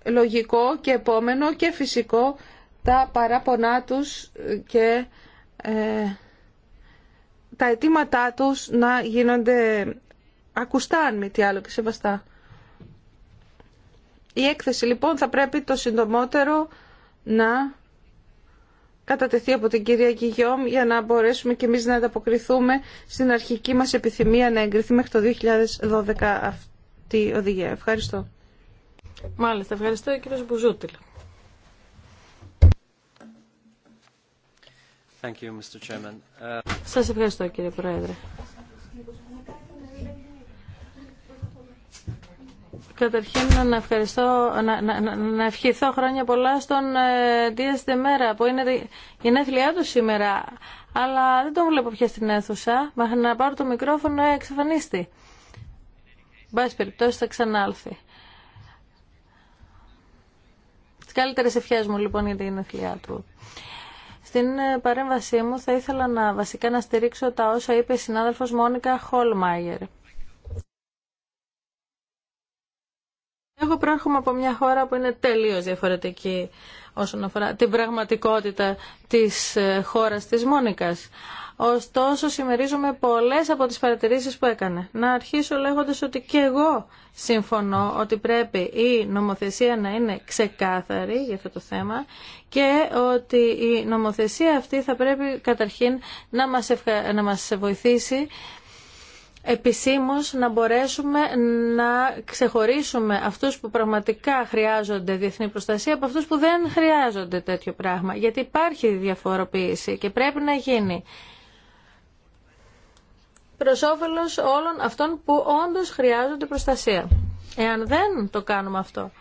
λογικό και επόμενο και φυσικό τα παράπονά τους και ε, τα αιτήματά τους να γίνονται ακουστά αν μη τι άλλο και σεβαστά. Η έκθεση λοιπόν θα πρέπει το συντομότερο να κατατεθεί από την κυρία Κιγιόμ για να μπορέσουμε και εμείς να ανταποκριθούμε στην αρχική μας επιθυμία να εγκριθεί μέχρι το 2012 αυτή η οδηγία. Ευχαριστώ. Μάλιστα, ευχαριστώ κύριε Μπουζούτιλ. Σας ευχαριστώ κύριε Πρόεδρε. Καταρχήν να, ευχαριστώ, να, να, ευχηθώ χρόνια πολλά στον ε, Δεμέρα που είναι η γενέθλιά του σήμερα. Αλλά δεν τον βλέπω πια στην αίθουσα. Μέχρι να πάρω το μικρόφωνο ε, εξαφανίστη. Μπάς περιπτώσει θα ξανάλθει. Τις καλύτερες ευχές μου λοιπόν για την γενέθλιά του. Στην ε, παρέμβασή μου θα ήθελα να βασικά να στηρίξω τα όσα είπε η συνάδελφος Μόνικα Χολμάγερ Εγώ προέρχομαι από μια χώρα που είναι τελείω διαφορετική όσον αφορά την πραγματικότητα της ε, χώρας της Μόνικας. Ωστόσο, συμμερίζομαι πολλές από τις παρατηρήσεις που έκανε. Να αρχίσω λέγοντας ότι και εγώ συμφωνώ ότι πρέπει η νομοθεσία να είναι ξεκάθαρη για αυτό το θέμα και ότι η νομοθεσία αυτή θα πρέπει καταρχήν να μας, να μας βοηθήσει επισήμως να μπορέσουμε να ξεχωρίσουμε αυτούς που πραγματικά χρειάζονται διεθνή προστασία από αυτούς που δεν χρειάζονται τέτοιο πράγμα. Γιατί υπάρχει διαφοροποίηση και πρέπει να γίνει προς όφελος όλων αυτών που όντως χρειάζονται προστασία. Εάν δεν το κάνουμε αυτό,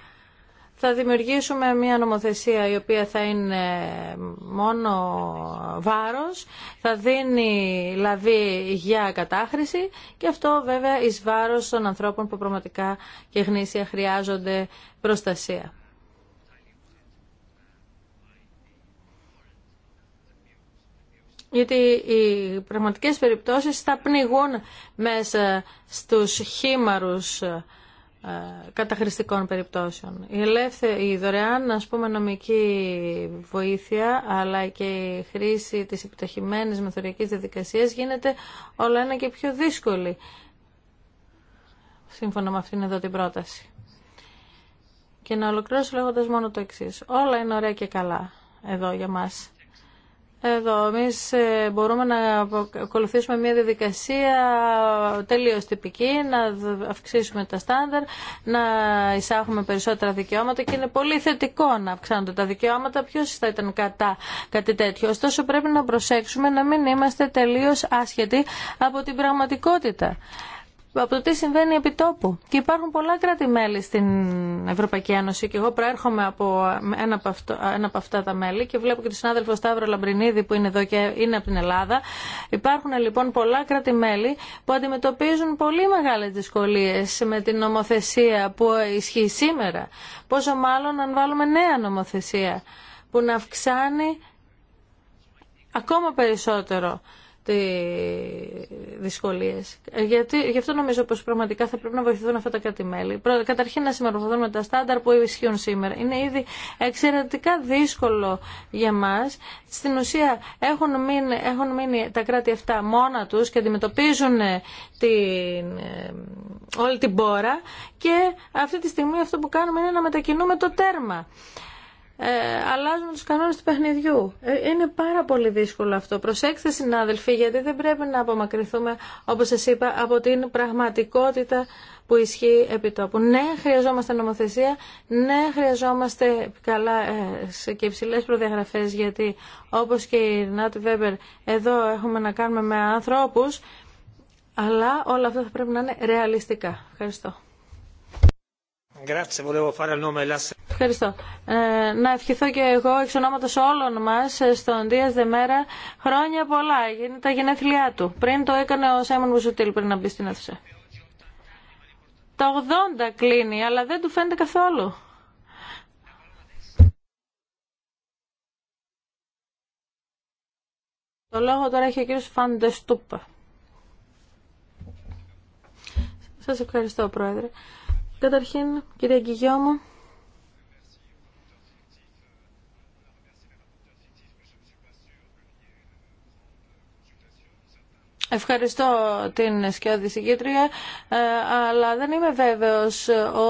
θα δημιουργήσουμε μια νομοθεσία η οποία θα είναι μόνο βάρος, θα δίνει λαβή για κατάχρηση και αυτό βέβαια εις βάρος των ανθρώπων που πραγματικά και γνήσια χρειάζονται προστασία. Γιατί οι πραγματικές περιπτώσεις θα πνιγούν μέσα στους χήμαρους καταχρηστικών περιπτώσεων. Η, ελεύθερη, η δωρεάν ας πούμε, νομική βοήθεια αλλά και η χρήση της επιταχυμένης μεθοριακής διαδικασίας γίνεται όλα ένα και πιο δύσκολη σύμφωνα με αυτήν εδώ την πρόταση. Και να ολοκληρώσω λέγοντας μόνο το εξής Όλα είναι ωραία και καλά εδώ για μας. Εδώ εμεί ε, μπορούμε να ακολουθήσουμε μια διαδικασία τελείω τυπική, να αυξήσουμε τα στάνταρ, να εισάγουμε περισσότερα δικαιώματα και είναι πολύ θετικό να αυξάνονται τα δικαιώματα. Ποιο θα ήταν κατά κάτι τέτοιο. Ωστόσο πρέπει να προσέξουμε να μην είμαστε τελείω άσχετοι από την πραγματικότητα από το τι συμβαίνει επί τόπου. Και υπάρχουν πολλά κράτη-μέλη στην Ευρωπαϊκή Ένωση και εγώ προέρχομαι από ένα από, ένα από αυτά τα μέλη και βλέπω και τον συνάδελφο Σταύρο Λαμπρινίδη που είναι εδώ και είναι από την Ελλάδα. Υπάρχουν λοιπόν πολλά κράτη-μέλη που αντιμετωπίζουν πολύ μεγάλες δυσκολίες με την νομοθεσία που ισχύει σήμερα. Πόσο μάλλον αν βάλουμε νέα νομοθεσία που να αυξάνει ακόμα περισσότερο τι δυσκολίες. Ε, γιατί, γι' αυτό νομίζω πω πραγματικά θα πρέπει να βοηθηθούν αυτά τα κράτη-μέλη. Καταρχήν να συμμορφωθούν με τα στάνταρ που ισχύουν σήμερα. Είναι ήδη εξαιρετικά δύσκολο για μας. Στην ουσία έχουν μείνει, έχουν μείνει τα κράτη αυτά μόνα τους και αντιμετωπίζουν ε, την, ε, όλη την πόρα και αυτή τη στιγμή αυτό που κάνουμε είναι να μετακινούμε το τέρμα. Ε, αλλάζουν τους κανόνες του παιχνιδιού. Ε, είναι πάρα πολύ δύσκολο αυτό. Προσέξτε συνάδελφοι, γιατί δεν πρέπει να απομακρυνθούμε, όπως σας είπα, από την πραγματικότητα που ισχύει επί τόπου. Ναι, χρειαζόμαστε νομοθεσία, ναι, χρειαζόμαστε καλά ε, και υψηλέ προδιαγραφές, γιατί όπως και η Νάτ Βέμπερ, εδώ έχουμε να κάνουμε με ανθρώπους, αλλά όλα αυτά θα πρέπει να είναι ρεαλιστικά. Ευχαριστώ. Ευχαριστώ. Ε, να ευχηθώ και εγώ εξ ονόματο όλων μα ε, στον Δίας Δεμέρα χρόνια πολλά, είναι τα γενέθλιά του. Πριν το έκανε ο Σέμον Μουζουτήλ πριν να μπει στην αίθουσα. Τα 80 κλείνει, αλλά δεν του φαίνεται καθόλου. Το λόγο τώρα έχει ο κύριος Φαντεστούπα. Σας ευχαριστώ, Πρόεδρε. Καταρχήν, κυρία Γκυγιό Ευχαριστώ την Σκιώδη Συγκήτρια, ε, αλλά δεν είμαι βέβαιος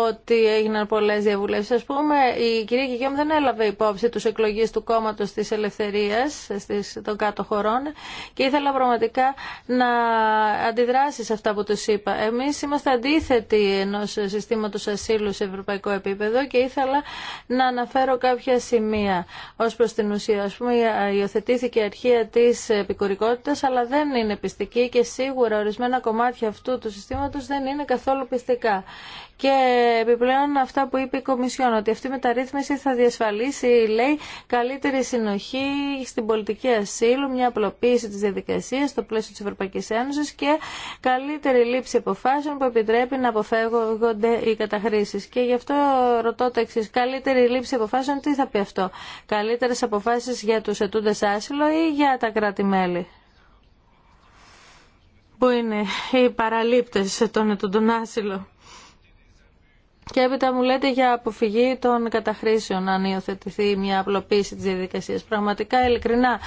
ότι έγιναν πολλές διαβουλεύσεις. Ας πούμε, η κυρία Κικιόμ δεν έλαβε υπόψη τους εκλογείς του κόμματος της Ελευθερίας στις, των κάτω χωρών και ήθελα πραγματικά να αντιδράσει σε αυτά που τους είπα. Εμείς είμαστε αντίθετοι ενός συστήματος ασύλου σε ευρωπαϊκό επίπεδο και ήθελα να αναφέρω κάποια σημεία ως προς την ουσία. Ας πούμε, υιοθετήθηκε η αρχή της επικουρικότητας, αλλά δεν είναι πιστική και σίγουρα ορισμένα κομμάτια αυτού του συστήματος δεν είναι καθόλου πιστικά. Και επιπλέον αυτά που είπε η Κομισιόν, ότι αυτή η μεταρρύθμιση θα διασφαλίσει, λέει, καλύτερη συνοχή στην πολιτική ασύλου, μια απλοποίηση της διαδικασίας στο πλαίσιο της Ευρωπαϊκής Ένωσης και καλύτερη λήψη αποφάσεων που επιτρέπει να αποφεύγονται οι καταχρήσεις. Και γι' αυτό ρωτώ το καλύτερη λήψη αποφάσεων, τι θα πει αυτό, καλύτερες αποφάσεις για τους ετούντε άσυλο ή για τα κράτη-μέλη που είναι οι παραλήπτες των τον Και έπειτα μου λέτε για αποφυγή των καταχρήσεων αν υιοθετηθεί μια απλοποίηση της διαδικασίας. Πραγματικά, ειλικρινά,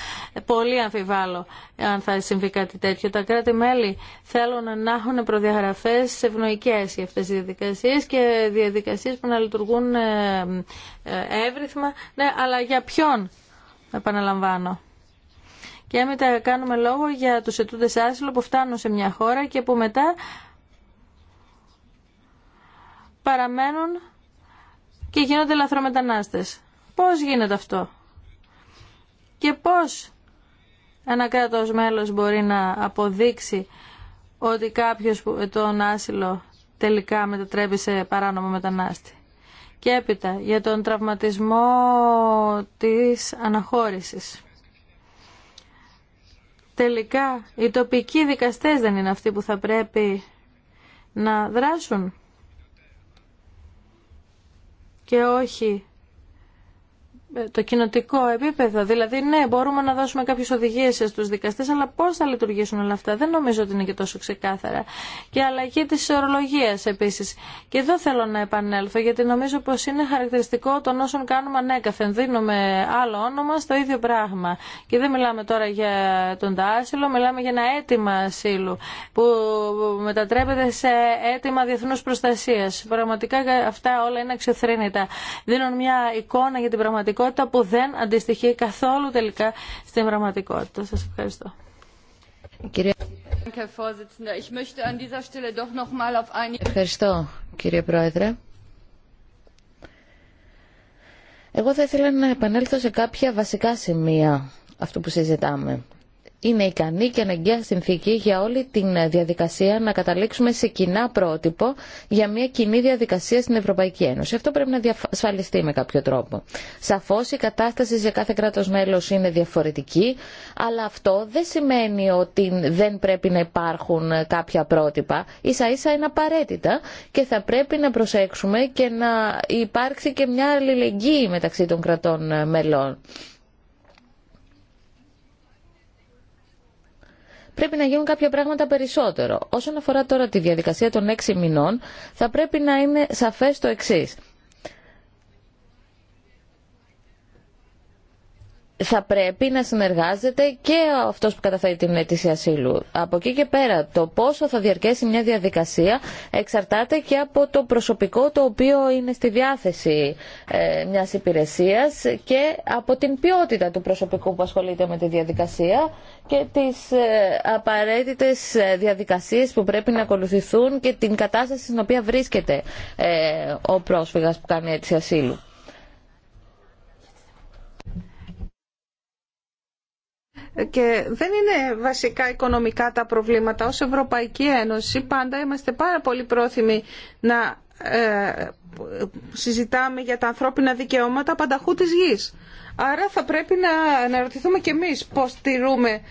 πολύ αμφιβάλλω αν θα συμβεί κάτι τέτοιο. Τα κράτη-μέλη θέλουν να έχουν προδιαγραφές ευνοϊκές για αυτές τις διαδικασίες και διαδικασίες που να λειτουργούν ε, ε, εύρυθμα. Ναι, αλλά για ποιον, επαναλαμβάνω. Και μετά κάνουμε λόγο για τους ετούντες άσυλο που φτάνουν σε μια χώρα και που μετά παραμένουν και γίνονται λαθρομετανάστες. Πώς γίνεται αυτό και πώς ένα κράτος μέλος μπορεί να αποδείξει ότι κάποιος που τον άσυλο τελικά μετατρέπει σε παράνομο μετανάστη. Και έπειτα για τον τραυματισμό της αναχώρησης τελικά οι τοπικοί δικαστές δεν είναι αυτοί που θα πρέπει να δράσουν και όχι ε, το κοινοτικό επίπεδο. Δηλαδή, ναι, μπορούμε να δώσουμε κάποιες οδηγίε στου δικαστέ, ξεκάθαρα. Και αλλαγή της ορολογίας επίσης. Και εδώ θέλω να επανέλθω, γιατί νομίζω πώ είναι τη ορολογία επίση. και εδω θελω να επανελθω γιατι νομιζω πω ειναι χαρακτηριστικο των όσων κάνουμε ανέκαθεν. Δίνουμε άλλο όνομα στο ίδιο πράγμα. Και δεν μιλάμε τώρα για τον τάσυλο, μιλάμε για ένα αίτημα ασύλου, που μετατρέπεται σε αίτημα διεθνού προστασία. Πραγματικά αυτά όλα είναι αξιοθρύνητα. Δίνουν μια εικόνα για την πραγματικότητα πραγματικότητα που δεν αντιστοιχεί καθόλου τελικά στην πραγματικότητα. Σας ευχαριστώ. Ευχαριστώ κύριε Πρόεδρε. Εγώ θα ήθελα να επανέλθω σε κάποια βασικά σημεία αυτού που συζητάμε είναι ικανή και αναγκαία συνθήκη για όλη την διαδικασία να καταλήξουμε σε κοινά πρότυπο για μια κοινή διαδικασία στην Ευρωπαϊκή Ένωση. Αυτό πρέπει να διασφαλιστεί με κάποιο τρόπο. Σαφώ η κατάσταση σε κάθε κράτο μέλο είναι διαφορετική, αλλά αυτό δεν σημαίνει ότι δεν πρέπει να υπάρχουν κάποια πρότυπα. σα ίσα είναι απαραίτητα και θα πρέπει να προσέξουμε και να υπάρξει και μια αλληλεγγύη μεταξύ των κρατών μελών. πρέπει να γίνουν κάποια πράγματα περισσότερο. Όσον αφορά τώρα τη διαδικασία των έξι μηνών, θα πρέπει να είναι σαφές το εξής. θα πρέπει να συνεργάζεται και αυτός που καταθέτει την αίτηση ασύλου. Από εκεί και πέρα το πόσο θα διαρκέσει μια διαδικασία εξαρτάται και από το προσωπικό το οποίο είναι στη διάθεση ε, μιας υπηρεσίας και από την ποιότητα του προσωπικού που ασχολείται με τη διαδικασία και τις ε, απαραίτητες ε, διαδικασίες που πρέπει να ακολουθηθούν και την κατάσταση στην οποία βρίσκεται ο πρόσφυγας που κάνει αίτηση ασύλου. και δεν είναι βασικά οικονομικά τα προβλήματα. Ως Ευρωπαϊκή Ένωση πάντα είμαστε πάρα πολύ πρόθυμοι να ε, συζητάμε για τα ανθρώπινα δικαιώματα πανταχού της γης. Άρα θα πρέπει να αναρωτηθούμε και εμείς πώς τηρούμε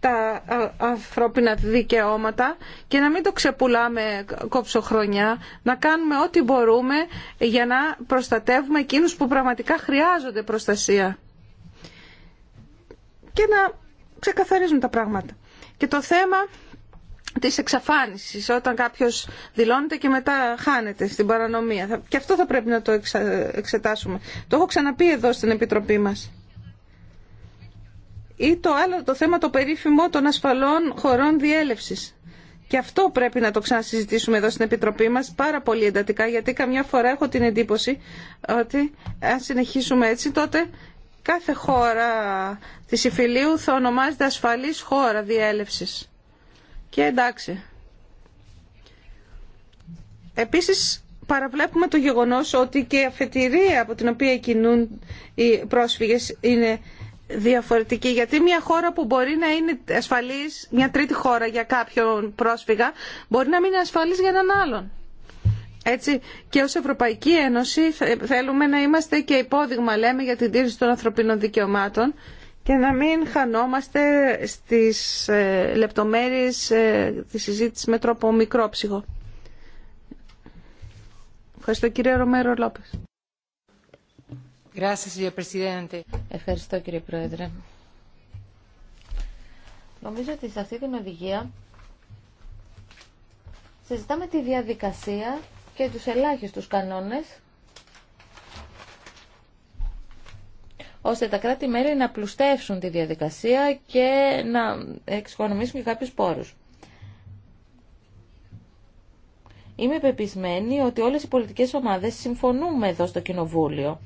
τα ανθρώπινα δικαιώματα και να μην το ξεπουλάμε κόψω χρονιά, να κάνουμε ό,τι μπορούμε για να προστατεύουμε εκείνους που πραγματικά χρειάζονται προστασία. Και να ξεκαθαρίζουν τα πράγματα. Και το θέμα της εξαφάνισης, όταν κάποιος δηλώνεται και μετά χάνεται στην παρανομία. Και αυτό θα πρέπει να το εξετάσουμε. Το έχω ξαναπεί εδώ στην Επιτροπή μας. Ή το άλλο, το θέμα το περίφημο των ασφαλών χωρών διέλευση. Και αυτό πρέπει να το ξανασυζητήσουμε εδώ στην Επιτροπή μας πάρα πολύ εντατικά, γιατί καμιά φορά έχω την εντύπωση ότι αν συνεχίσουμε έτσι τότε Κάθε χώρα της Ιφιλίου θα ονομάζεται ασφαλής χώρα διέλευσης. Και εντάξει. Επίσης παραβλέπουμε το γεγονός ότι και η αφετηρία από την οποία κινούν οι πρόσφυγες είναι διαφορετική. Γιατί μια χώρα που μπορεί να είναι ασφαλής, μια τρίτη χώρα για κάποιον πρόσφυγα, μπορεί να μην είναι ασφαλής για έναν άλλον. Έτσι και ως Ευρωπαϊκή Ένωση θέλουμε να είμαστε και υπόδειγμα λέμε για την τήρηση των ανθρωπίνων δικαιωμάτων και να μην χανόμαστε στις ε, λεπτομέρειες ε, της συζήτησης με τρόπο μικρόψυχο. Ευχαριστώ κύριε Ρομέρο Λόπες. Ευχαριστώ κύριε Πρόεδρε. Νομίζω ότι σε αυτή την οδηγία συζητάμε τη διαδικασία και τους ελάχιστους κανόνες ώστε τα κρατη μελη να πλουστεύσουν τη διαδικασία και να εξοικονομήσουν και κάποιους πόρους. Είμαι πεπισμένη ότι όλες οι πολιτικές ομάδες συμφωνούμε εδώ στο Κοινοβούλιο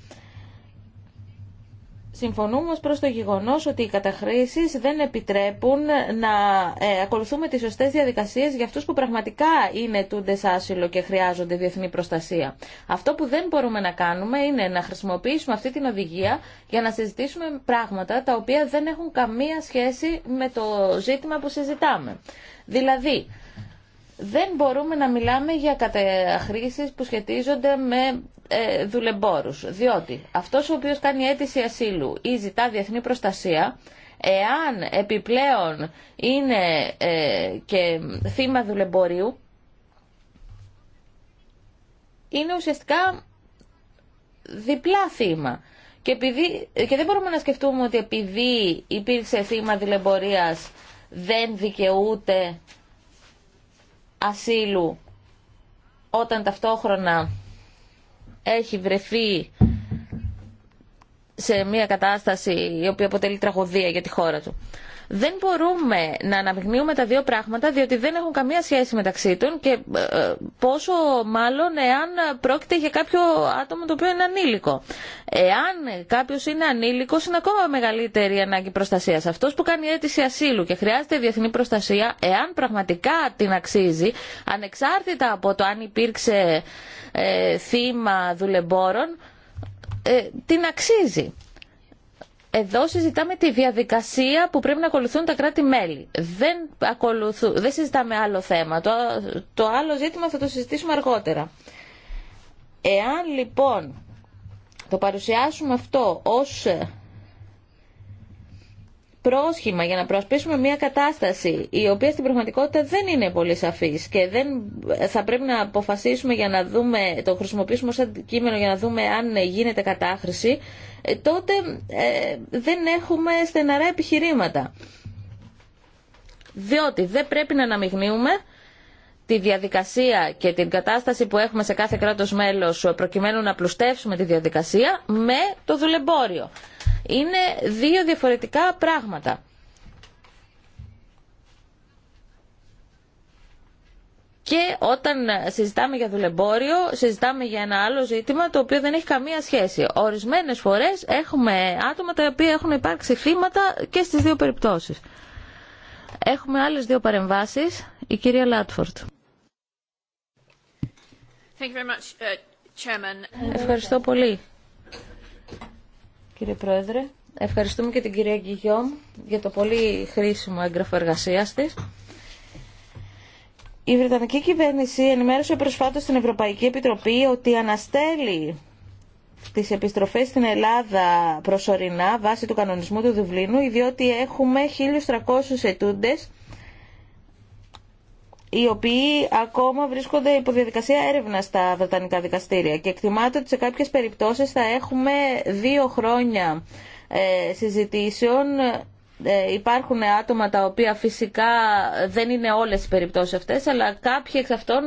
Συμφωνούμε ως προς το γεγονός ότι οι καταχρήσεις δεν επιτρέπουν να ε, ακολουθούμε τις σωστές διαδικασίες για αυτούς που πραγματικά είναι τούντες άσυλο και χρειάζονται διεθνή προστασία. Αυτό που δεν μπορούμε να κάνουμε είναι να χρησιμοποιήσουμε αυτή την οδηγία για να συζητήσουμε πράγματα τα οποία δεν έχουν καμία σχέση με το ζήτημα που συζητάμε. Δηλαδή, δεν μπορούμε να μιλάμε για καταχρήσεις που σχετίζονται με ε, Διότι αυτός ο οποίος κάνει αίτηση ασύλου ή ζητά διεθνή προστασία, εάν επιπλέον είναι ε, και θύμα δουλεμπορίου, είναι ουσιαστικά διπλά θύμα. Και, επειδή, και δεν μπορούμε να σκεφτούμε ότι επειδή υπήρξε θύμα δηλεμπορίας δεν δικαιούται ασύλου όταν ταυτόχρονα έχει βρεθεί σε μια κατάσταση η οποία αποτελεί τραγωδία για τη χώρα του. Δεν μπορούμε να αναμειγνύουμε τα δύο πράγματα διότι δεν έχουν καμία σχέση μεταξύ των και ε, ε, πόσο μάλλον εάν πρόκειται για κάποιο άτομο το οποίο είναι ανήλικο. Εάν κάποιο είναι ανήλικο είναι ακόμα μεγαλύτερη ανάγκη προστασία. Αυτό που κάνει αίτηση ασύλου και χρειάζεται διεθνή προστασία, εάν πραγματικά την αξίζει, ανεξάρτητα από το αν υπήρξε ε, θύμα δουλεμπόρων, την αξίζει. Εδώ συζητάμε τη διαδικασία που πρέπει να ακολουθούν τα κράτη-μέλη. Δεν, ακολουθού, δεν συζητάμε άλλο θέμα. Το, το άλλο ζήτημα θα το συζητήσουμε αργότερα. Εάν λοιπόν το παρουσιάσουμε αυτό ως πρόσχημα για να προασπίσουμε μια κατάσταση η οποία στην πραγματικότητα δεν είναι πολύ σαφής και δεν θα πρέπει να αποφασίσουμε για να δούμε, το χρησιμοποιήσουμε σαν αντικείμενο για να δούμε αν γίνεται κατάχρηση, ε, τότε ε, δεν έχουμε στεναρά επιχειρήματα. Διότι δεν πρέπει να αναμειγνύουμε τη διαδικασία και την κατάσταση που έχουμε σε κάθε κράτος μέλος προκειμένου να πλουστεύσουμε τη διαδικασία με το δουλεμπόριο είναι δύο διαφορετικά πράγματα. Και όταν συζητάμε για δουλεμπόριο, συζητάμε για ένα άλλο ζήτημα το οποίο δεν έχει καμία σχέση. Ορισμένε φορές έχουμε άτομα τα οποία έχουν υπάρξει χρήματα και στις δύο περιπτώσεις. Έχουμε άλλες δύο παρεμβάσεις. Η κυρία Λάτφορτ. Uh, Ευχαριστώ πολύ. Κύριε Πρόεδρε, ευχαριστούμε και την κυρία Γκυγιόμ για το πολύ χρήσιμο έγγραφο εργασία τη. Η Βρετανική κυβέρνηση ενημέρωσε προσφάτως στην Ευρωπαϊκή Επιτροπή ότι αναστέλει τις επιστροφές στην Ελλάδα προσωρινά βάσει του κανονισμού του Δουβλίνου, διότι έχουμε 1.300 ετούντες οι οποίοι ακόμα βρίσκονται υπό διαδικασία έρευνα στα βρετανικά δικαστήρια και εκτιμάται ότι σε κάποιες περιπτώσεις θα έχουμε δύο χρόνια ε, συζητήσεων ε, υπάρχουν άτομα τα οποία φυσικά δεν είναι όλες οι περιπτώσεις αυτές αλλά κάποιοι εξ αυτών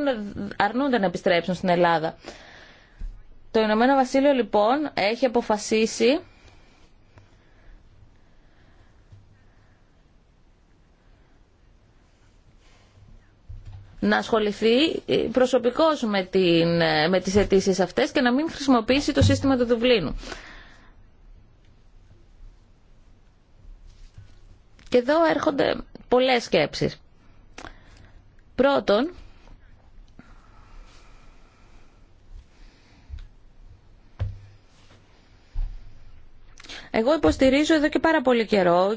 αρνούνται να επιστρέψουν στην Ελλάδα. Το Ηνωμένο Βασίλειο λοιπόν έχει αποφασίσει να ασχοληθεί προσωπικώ με, την, με τις αιτήσει αυτές και να μην χρησιμοποιήσει το σύστημα του Δουβλίνου. Και εδώ έρχονται πολλές σκέψει. Πρώτον, Εγώ υποστηρίζω εδώ και πάρα πολύ καιρό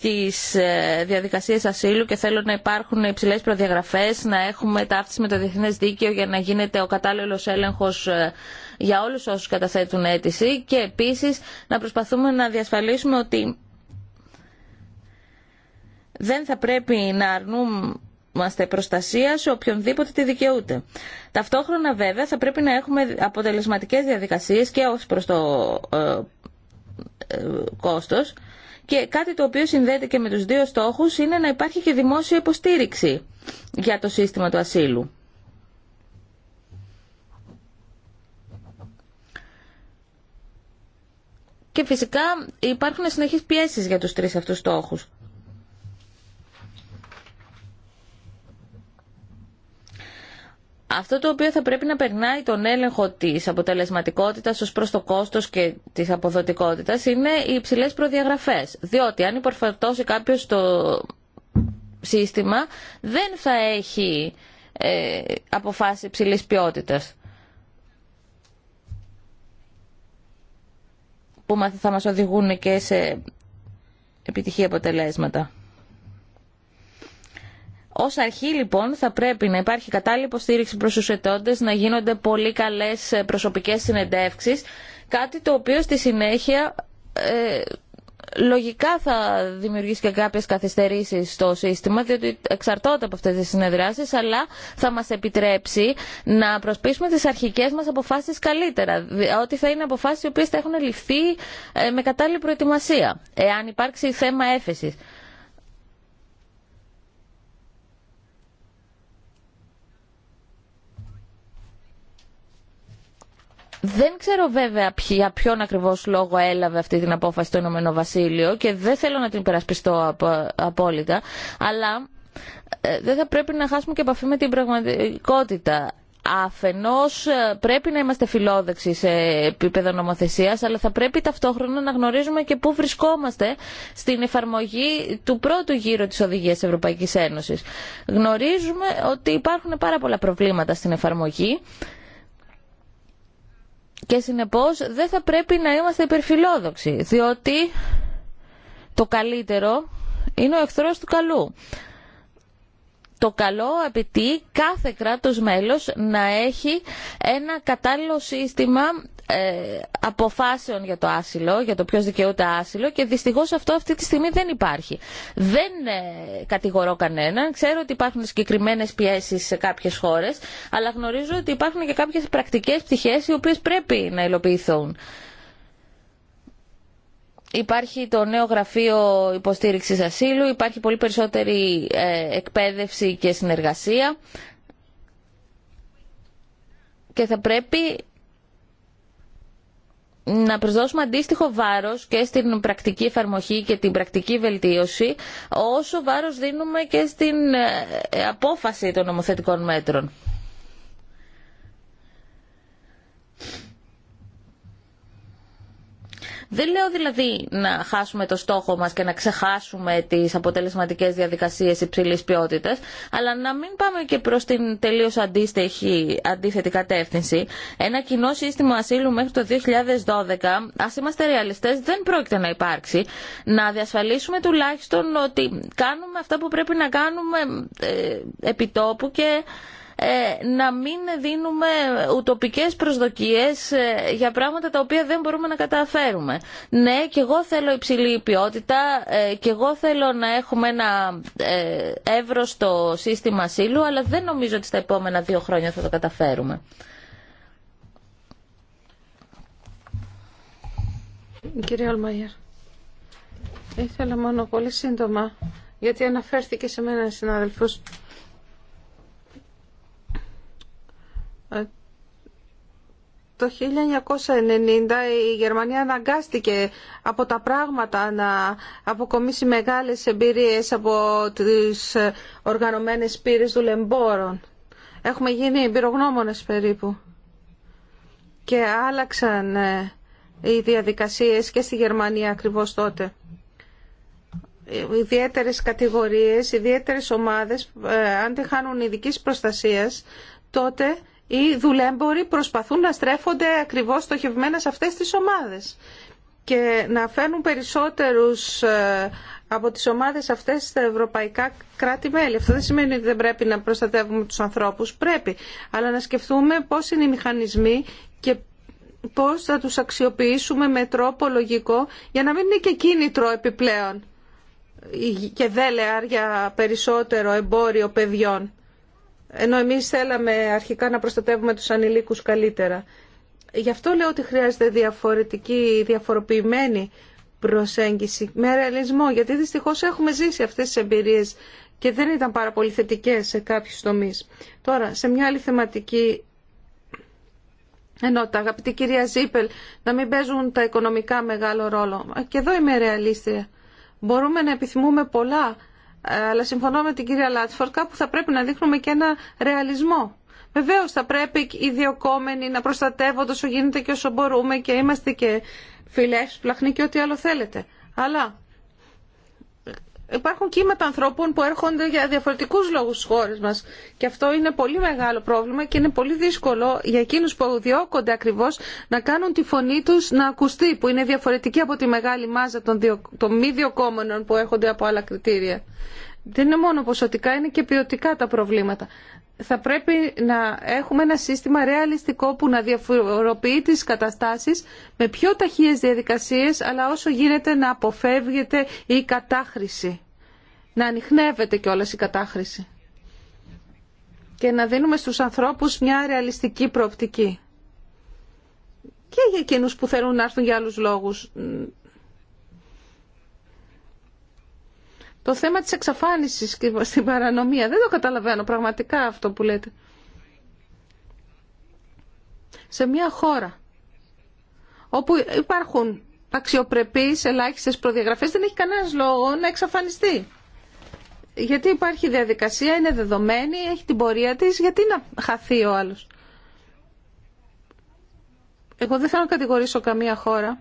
τις ε, διαδικασίες ασύλου και θέλω να υπάρχουν υψηλές προδιαγραφές, να έχουμε ταύτιση με το διεθνές δίκαιο για να γίνεται ο κατάλληλος έλεγχος ε, για όλους όσους καταθέτουν αίτηση και επίσης να προσπαθούμε να διασφαλίσουμε ότι δεν θα πρέπει να αρνούμαστε προστασία σε οποιονδήποτε τη δικαιούται. Ταυτόχρονα βέβαια θα πρέπει να έχουμε αποτελεσματικές διαδικασίες και ως προς το ε, ε κόστος και κάτι το οποίο συνδέεται και με τους δύο στόχους είναι να υπάρχει και δημόσια υποστήριξη για το σύστημα του ασύλου. Και φυσικά υπάρχουν συνεχείς πιέσεις για τους τρεις αυτούς στόχους. αυτό το οποίο θα πρέπει να περνάει τον έλεγχο της αποτελεσματικότητας ω προ το κόστο και της αποδοτικότητα είναι οι υψηλέ προδιαγραφές. Διότι αν υπορφαρτώσει κάποιο το σύστημα δεν θα έχει ε, αποφάσει υψηλή ποιότητας. Που θα μας οδηγούν και σε επιτυχή αποτελέσματα. Ω αρχή λοιπόν θα πρέπει να υπάρχει κατάλληλη υποστήριξη προ του ετώντε, να γίνονται πολύ καλέ ε, προσωπικέ συνεντεύξει. κάτι το οποίο στη συνέχεια ε, λογικά θα δημιουργήσει και κάποιες καθυστερήσεις στο σύστημα, διότι εξαρτώνται από αυτές τις συνεδράσεις, αλλά θα μας επιτρέψει να προσπίσουμε τις αρχικές μας αποφάσεις καλύτερα, ότι θα είναι αποφάσεις οι οποίε θα έχουν ληφθεί ε, με κατάλληλη προετοιμασία, εάν υπάρξει θέμα έφεσης. Δεν ξέρω βέβαια για ποιον ακριβώς λόγο έλαβε αυτή την απόφαση το Ηνωμένο Βασίλειο και δεν θέλω να την υπερασπιστώ απόλυτα, αλλά ε, δεν θα πρέπει να χάσουμε και επαφή με την πραγματικότητα. Αφενός ε, πρέπει να είμαστε φιλόδεξοι σε επίπεδο νομοθεσίας, αλλά θα πρέπει ταυτόχρονα να γνωρίζουμε και πού βρισκόμαστε στην εφαρμογή του πρώτου γύρου της Οδηγίας Ευρωπαϊκής Ένωσης. Γνωρίζουμε ότι υπάρχουν πάρα πολλά προβλήματα στην εφαρμογή και συνεπώς δεν θα πρέπει να είμαστε υπερφιλόδοξοι, διότι το καλύτερο είναι ο εχθρός του καλού το καλό απαιτεί κάθε κράτος μέλος να έχει ένα κατάλληλο σύστημα ε, αποφάσεων για το άσυλο, για το ποιος δικαιούται άσυλο και δυστυχώς αυτό αυτή τη στιγμή δεν υπάρχει. Δεν ε, κατηγορώ κανέναν, ξέρω ότι υπάρχουν συγκεκριμένες πιέσεις σε κάποιες χώρες, αλλά γνωρίζω ότι υπάρχουν και κάποιες πρακτικές πτυχές οι οποίες πρέπει να υλοποιηθούν. Υπάρχει το νέο γραφείο υποστήριξης ασύλου, υπάρχει πολύ περισσότερη ε, εκπαίδευση και συνεργασία και θα πρέπει να προσδώσουμε αντίστοιχο βάρος και στην πρακτική εφαρμογή και την πρακτική βελτίωση όσο βάρος δίνουμε και στην ε, απόφαση των νομοθετικών μέτρων. Δεν λέω δηλαδή να χάσουμε το στόχο μας και να ξεχάσουμε τις αποτελεσματικές διαδικασίες υψηλής ποιότητας, αλλά να μην πάμε και προς την τελείως αντίστοιχη, αντίθετη κατεύθυνση. Ένα κοινό σύστημα ασύλου μέχρι το 2012, ας είμαστε ρεαλιστές, δεν πρόκειται να υπάρξει. Να διασφαλίσουμε τουλάχιστον ότι κάνουμε αυτά που πρέπει να κάνουμε ε, επιτόπου και ε, να μην δίνουμε ουτοπικές προσδοκίες ε, για πράγματα τα οποία δεν μπορούμε να καταφέρουμε. Ναι, και εγώ θέλω υψηλή ποιότητα ε, και εγώ θέλω να έχουμε ένα εύρωστο σύστημα ασύλου, αλλά δεν νομίζω ότι στα επόμενα δύο χρόνια θα το καταφέρουμε. Κύριε Ολμαγερ, ήθελα μόνο πολύ σύντομα, γιατί αναφέρθηκε σε μένα συνάδελφος, Ε, το 1990 η Γερμανία αναγκάστηκε από τα πράγματα να αποκομίσει μεγάλες εμπειρίες από τις ε, οργανωμένες πύρες δουλεμπόρων. Έχουμε γίνει εμπειρογνώμονες περίπου. Και άλλαξαν ε, οι διαδικασίες και στη Γερμανία ακριβώς τότε. Ιδιαίτερες κατηγορίες, ιδιαίτερες ομάδες, αν τη χάνουν προστασίας, τότε οι δουλέμποροι προσπαθούν να στρέφονται ακριβώς στοχευμένα σε αυτές τις ομάδες και να φέρνουν περισσότερους ε, από τις ομάδες αυτές στα ευρωπαϊκά κράτη-μέλη. Αυτό δεν σημαίνει ότι δεν πρέπει να προστατεύουμε τους ανθρώπους. Πρέπει. Αλλά να σκεφτούμε πώς είναι οι μηχανισμοί και πώς θα τους αξιοποιήσουμε με τρόπο λογικό για να μην είναι και κίνητρο επιπλέον και δέλεαρ για περισσότερο εμπόριο παιδιών ενώ εμείς θέλαμε αρχικά να προστατεύουμε τους ανηλίκους καλύτερα. Γι' αυτό λέω ότι χρειάζεται διαφορετική, διαφοροποιημένη προσέγγιση με ρεαλισμό, γιατί δυστυχώς έχουμε ζήσει αυτές τις εμπειρίες και δεν ήταν πάρα πολύ θετικές σε κάποιους τομείς. Τώρα, σε μια άλλη θεματική ενότητα, αγαπητή κυρία Ζήπελ, να μην παίζουν τα οικονομικά μεγάλο ρόλο. Και εδώ είμαι ρεαλίστρια. Μπορούμε να επιθυμούμε πολλά αλλά συμφωνώ με την κυρία Λάτφορκα κάπου θα πρέπει να δείχνουμε και ένα ρεαλισμό. Βεβαίω θα πρέπει οι διοκόμενοι να προστατεύονται όσο γίνεται και όσο μπορούμε και είμαστε και φιλεύσπλαχνοι και ό,τι άλλο θέλετε. Αλλά Υπάρχουν κύματα ανθρώπων που έρχονται για διαφορετικούς λόγους στις χώρες μας και αυτό είναι πολύ μεγάλο πρόβλημα και είναι πολύ δύσκολο για εκείνους που διώκονται ακριβώς να κάνουν τη φωνή τους να ακουστεί που είναι διαφορετική από τη μεγάλη μάζα των, διο... των μη διοκόμενων που έρχονται από άλλα κριτήρια. Δεν είναι μόνο ποσοτικά, είναι και ποιοτικά τα προβλήματα θα πρέπει να έχουμε ένα σύστημα ρεαλιστικό που να διαφοροποιεί τις καταστάσεις με πιο ταχύες διαδικασίες, αλλά όσο γίνεται να αποφεύγεται η κατάχρηση. Να ανοιχνεύεται κιόλας η κατάχρηση. Και να δίνουμε στους ανθρώπους μια ρεαλιστική προοπτική. Και για εκείνους που θέλουν να έρθουν για άλλους λόγους Το θέμα της εξαφάνισης στην παρανομία. Δεν το καταλαβαίνω πραγματικά αυτό που λέτε. Σε μια χώρα όπου υπάρχουν αξιοπρεπείς ελάχιστες προδιαγραφές δεν έχει κανένας λόγο να εξαφανιστεί. Γιατί υπάρχει διαδικασία, είναι δεδομένη, έχει την πορεία της, γιατί να χαθεί ο άλλος. Εγώ δεν θέλω να κατηγορήσω καμία χώρα.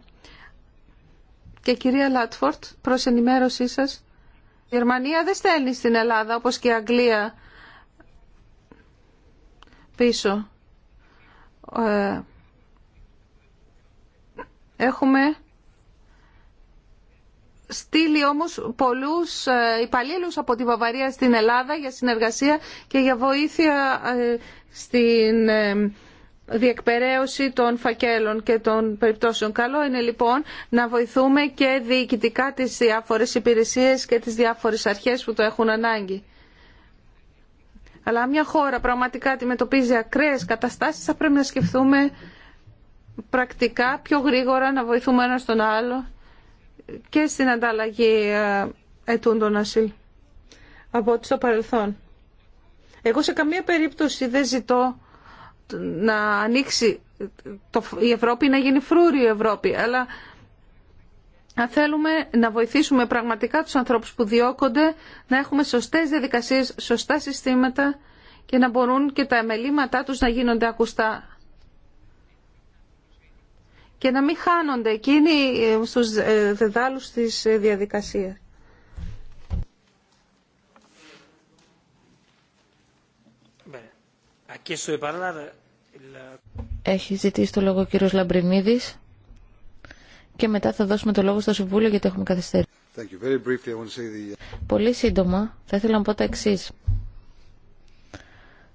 Και κυρία Λάτφορτ, προς ενημέρωσή σας, η Γερμανία δεν στέλνει στην Ελλάδα όπως και η Αγγλία πίσω. Ε, έχουμε στείλει όμως πολλούς ε, υπαλλήλους από τη Βαβαρία στην Ελλάδα για συνεργασία και για βοήθεια ε, στην διεκπαιρέωση των φακέλων και των περιπτώσεων. Καλό είναι λοιπόν να βοηθούμε και διοικητικά τις διάφορες υπηρεσίες και τις διάφορες αρχές που το έχουν ανάγκη. Αλλά μια χώρα πραγματικά αντιμετωπίζει ακραίες καταστάσεις θα πρέπει να σκεφτούμε πρακτικά πιο γρήγορα να βοηθούμε ένα τον άλλο και στην ανταλλαγή ε, ετούντων ασύλ από ό,τι στο παρελθόν. Εγώ σε καμία περίπτωση δεν ζητώ να ανοίξει το, η Ευρώπη, να γίνει φρούριο η Ευρώπη. Αλλά αν θέλουμε να βοηθήσουμε πραγματικά τους ανθρώπους που διώκονται, να έχουμε σωστές διαδικασίες, σωστά συστήματα και να μπορούν και τα εμελήματά τους να γίνονται ακουστά. Και να μην χάνονται εκείνοι ε, στους ε, δεδάλους της ε, διαδικασίας. Έχει ζητήσει το λόγο ο κύριος Λαμπρινίδης και μετά θα δώσουμε το λόγο στο Συμβούλιο γιατί έχουμε καθυστέρηση. Uh, πολύ σύντομα θα ήθελα να πω τα εξή.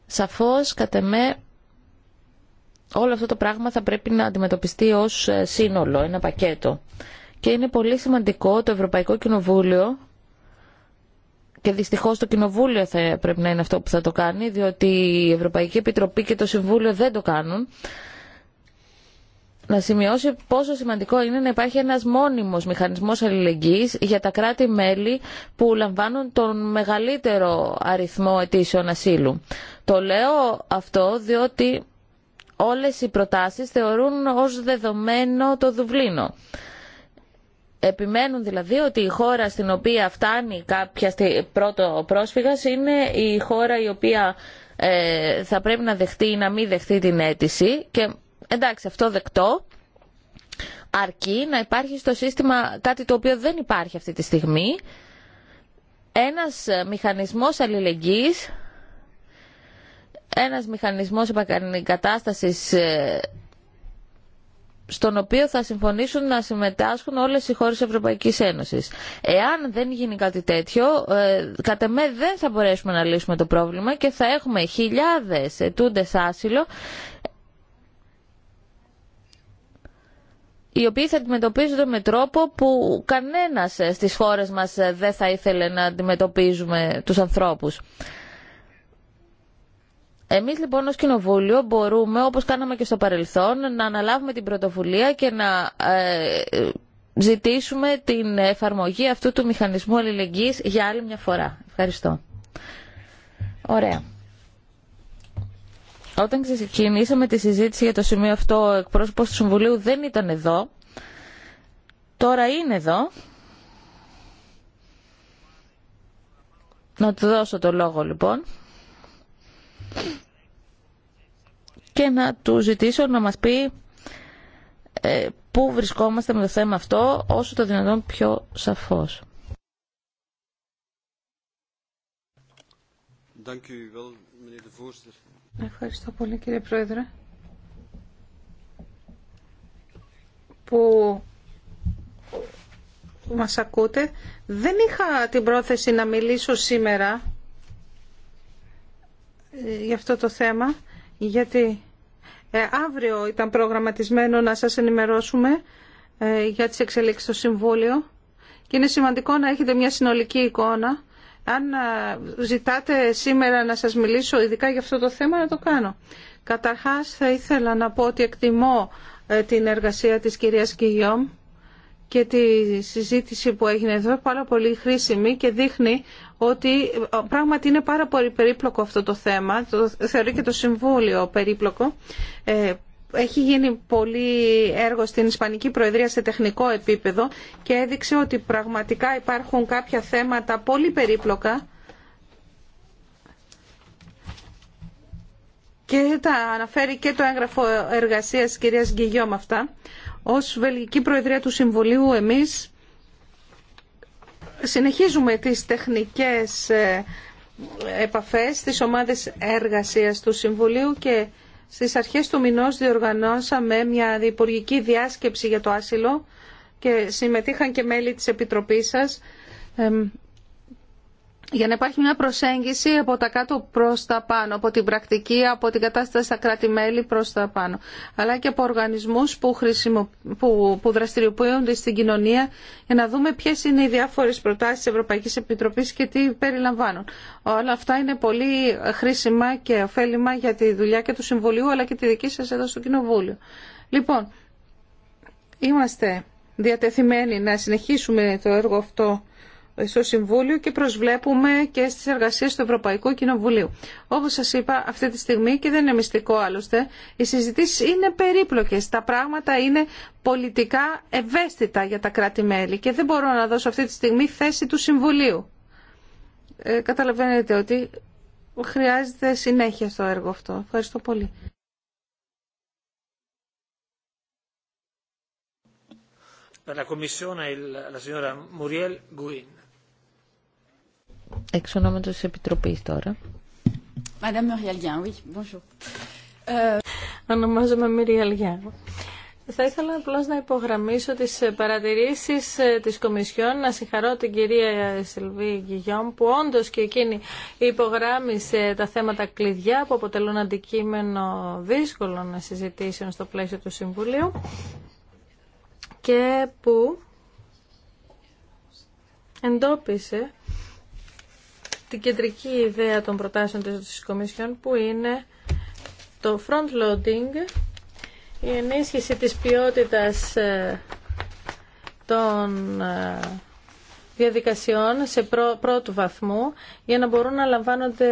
Σαφώς, κατά εμέ, όλο αυτό το πράγμα θα πρέπει να αντιμετωπιστεί ως ε, σύνολο, ένα πακέτο. Και είναι πολύ σημαντικό το Ευρωπαϊκό Κοινοβούλιο και δυστυχώ το Κοινοβούλιο θα πρέπει να είναι αυτό που θα το κάνει, διότι η Ευρωπαϊκή Επιτροπή και το Συμβούλιο δεν το κάνουν, να σημειώσει πόσο σημαντικό είναι να υπάρχει ένας μόνιμος μηχανισμός αλληλεγγύης για τα κράτη-μέλη που λαμβάνουν τον μεγαλύτερο αριθμό αιτήσεων ασύλου. Το λέω αυτό διότι όλες οι προτάσεις θεωρούν ως δεδομένο το Δουβλίνο. Επιμένουν δηλαδή ότι η χώρα στην οποία φτάνει κάποια πρώτο πρόσφυγας είναι η χώρα η οποία ε, θα πρέπει να δεχτεί ή να μην δεχτεί την αίτηση και εντάξει αυτό δεκτό αρκεί να υπάρχει στο σύστημα κάτι το οποίο δεν υπάρχει αυτή τη στιγμή ένας μηχανισμός αλληλεγγύης ένας μηχανισμός επανεκατάστασης ε, στον οποίο θα συμφωνήσουν να συμμετάσχουν όλες οι χώρες Ευρωπαϊκής Ένωσης. Εάν δεν γίνει κάτι τέτοιο, ε, κατά με δεν θα μπορέσουμε να λύσουμε το πρόβλημα και θα έχουμε χιλιάδες ετούντες άσυλο οι οποίοι θα αντιμετωπίζονται με τρόπο που κανένας ε, στις χώρες μας ε, δεν θα ήθελε να αντιμετωπίζουμε τους ανθρώπους. Εμείς λοιπόν ως Κοινοβούλιο μπορούμε, όπως κάναμε και στο παρελθόν, να αναλάβουμε την πρωτοβουλία και να ε, ζητήσουμε την εφαρμογή αυτού του μηχανισμού αλληλεγγύης για άλλη μια φορά. Ευχαριστώ. Ωραία. Όταν ξεκινήσαμε τη συζήτηση για το σημείο αυτό, ο εκπρόσωπος του Συμβουλίου δεν ήταν εδώ. Τώρα είναι εδώ. Να του δώσω το λόγο λοιπόν και να του ζητήσω να μας πει ε, πού βρισκόμαστε με το θέμα αυτό όσο το δυνατόν πιο σαφώς. Ευχαριστώ πολύ κύριε Πρόεδρε που μας ακούτε. Δεν είχα την πρόθεση να μιλήσω σήμερα ε, για αυτό το θέμα, γιατί ε, αύριο ήταν προγραμματισμένο να σας ενημερώσουμε ε, για τις εξελίξεις στο Συμβούλιο και είναι σημαντικό να έχετε μια συνολική εικόνα. Αν ζητάτε σήμερα να σας μιλήσω ειδικά για αυτό το θέμα, να το κάνω. Καταρχάς θα ήθελα να πω ότι εκτιμώ την εργασία της κυρίας Κιγιόμ και τη συζήτηση που έγινε εδώ πάρα πολύ χρήσιμη και δείχνει ότι ε, πράγματι είναι πάρα πολύ περίπλοκο αυτό το θέμα, το θεωρεί και το Συμβούλιο περίπλοκο. Ε, έχει γίνει πολύ έργο στην Ισπανική Προεδρία σε τεχνικό επίπεδο και έδειξε ότι πραγματικά υπάρχουν κάποια θέματα πολύ περίπλοκα και τα αναφέρει και το έγγραφο εργασίας κυρίας Γκυγιόμ αυτά ως Βελγική Προεδρία του Συμβουλίου εμείς συνεχίζουμε τις τεχνικές ε, επαφές στις ομάδες εργασίας του Συμβουλίου και στις αρχές του μηνός διοργανώσαμε μια διπουργική διάσκεψη για το άσυλο και συμμετείχαν και μέλη της Επιτροπής σας για να υπάρχει μια προσέγγιση από τα κάτω προς τα πάνω, από την πρακτική, από την κατάσταση στα κράτη-μέλη προς τα πάνω, αλλά και από οργανισμούς που, που... δραστηριοποιούνται στην κοινωνία για να δούμε ποιες είναι οι διάφορες προτάσεις της Ευρωπαϊκής Επιτροπής και τι περιλαμβάνουν. Όλα αυτά είναι πολύ χρήσιμα και ωφέλιμα για τη δουλειά και του Συμβουλίου, αλλά και τη δική σας εδώ στο Κοινοβούλιο. Λοιπόν, είμαστε διατεθειμένοι να συνεχίσουμε το έργο αυτό στο Συμβούλιο και προσβλέπουμε και στις εργασίες του Ευρωπαϊκού Κοινοβουλίου. Όπως σας είπα αυτή τη στιγμή και δεν είναι μυστικό άλλωστε, οι συζητήσεις είναι περίπλοκες. Τα πράγματα είναι πολιτικά ευαίσθητα για τα κράτη-μέλη και δεν μπορώ να δώσω αυτή τη στιγμή θέση του Συμβουλίου. Ε, καταλαβαίνετε ότι χρειάζεται συνέχεια στο έργο αυτό. Ευχαριστώ πολύ. Commissione, la signora Muriel Εξ ονόματο τη Επιτροπή τώρα. Ε, ονομάζομαι Μυριαλ θα ήθελα απλώ να υπογραμμίσω τι παρατηρήσει ε, τη Κομισιόν, να συγχαρώ την κυρία Σιλβί Γκυγιόμ, που όντω και εκείνη υπογράμμισε τα θέματα κλειδιά που αποτελούν αντικείμενο δύσκολων συζητήσεων στο πλαίσιο του Συμβουλίου και που εντόπισε την κεντρική ιδέα των προτάσεων της Κομισιόν που είναι το front-loading, η ενίσχυση της ποιότητας ε, των ε, διαδικασιών σε πρώτου βαθμού για να μπορούν να λαμβάνονται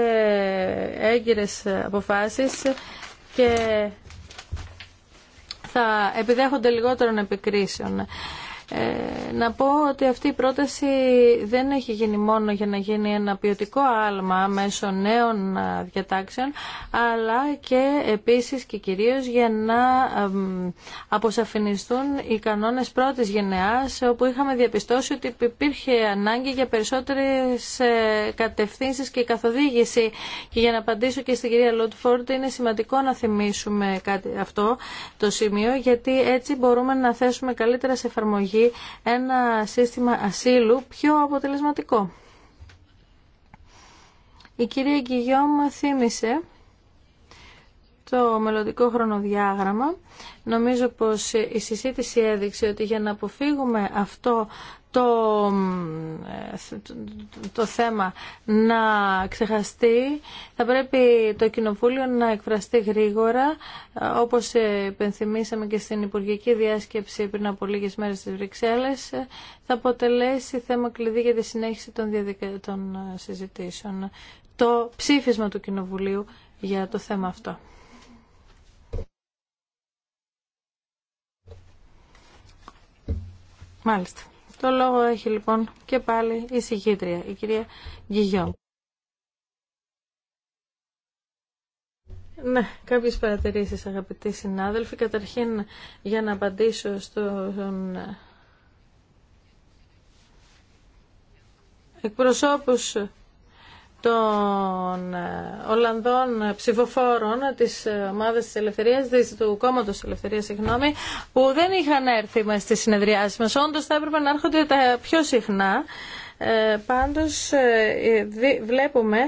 έγκυρες αποφάσεις και θα επιδέχονται λιγότερων επικρίσεων. Ε, να πω ότι αυτή η πρόταση δεν έχει γίνει μόνο για να γίνει ένα ποιοτικό άλμα μέσω νέων διατάξεων, αλλά και επίσης και κυρίως για να αποσαφινιστούν οι κανόνες πρώτης γενεάς, όπου είχαμε διαπιστώσει ότι υπήρχε ανάγκη για περισσότερες ε, κατευθύνσεις και καθοδήγηση. Και για να απαντήσω και στην κυρία Λότφορντ, είναι σημαντικό να θυμίσουμε κάτι, αυτό το σημείο, γιατί έτσι μπορούμε να θέσουμε καλύτερα σε εφαρμογή ένα σύστημα ασύλου πιο αποτελεσματικό. Η κυρία Γκυγιόμ θύμισε το μελλοντικό χρονοδιάγραμμα. Νομίζω πως η συζήτηση έδειξε ότι για να αποφύγουμε αυτό το, το θέμα να ξεχαστεί. Θα πρέπει το Κοινοβούλιο να εκφραστεί γρήγορα, όπως υπενθυμίσαμε και στην Υπουργική Διάσκεψη πριν από λίγες μέρες στις Βρυξέλλες, θα αποτελέσει θέμα κλειδί για τη συνέχιση των, των συζητήσεων. Το ψήφισμα του Κοινοβουλίου για το θέμα αυτό. Μάλιστα. Το λόγο έχει λοιπόν και πάλι η συγχύτρια, η κυρία Γκυγιό. Ναι, κάποιες παρατηρήσεις αγαπητοί συνάδελφοι. Καταρχήν για να απαντήσω στον εκπροσώπους των ε, Ολλανδών ψηφοφόρων της ομάδας της Ελευθερίας, του κόμματος της Ελευθερίας, συγγνώμη, που δεν είχαν έρθει μας στις συνεδριάσεις μας. Όντως θα έπρεπε να έρχονται τα πιο συχνά. Ε, πάντως ε, βλέπουμε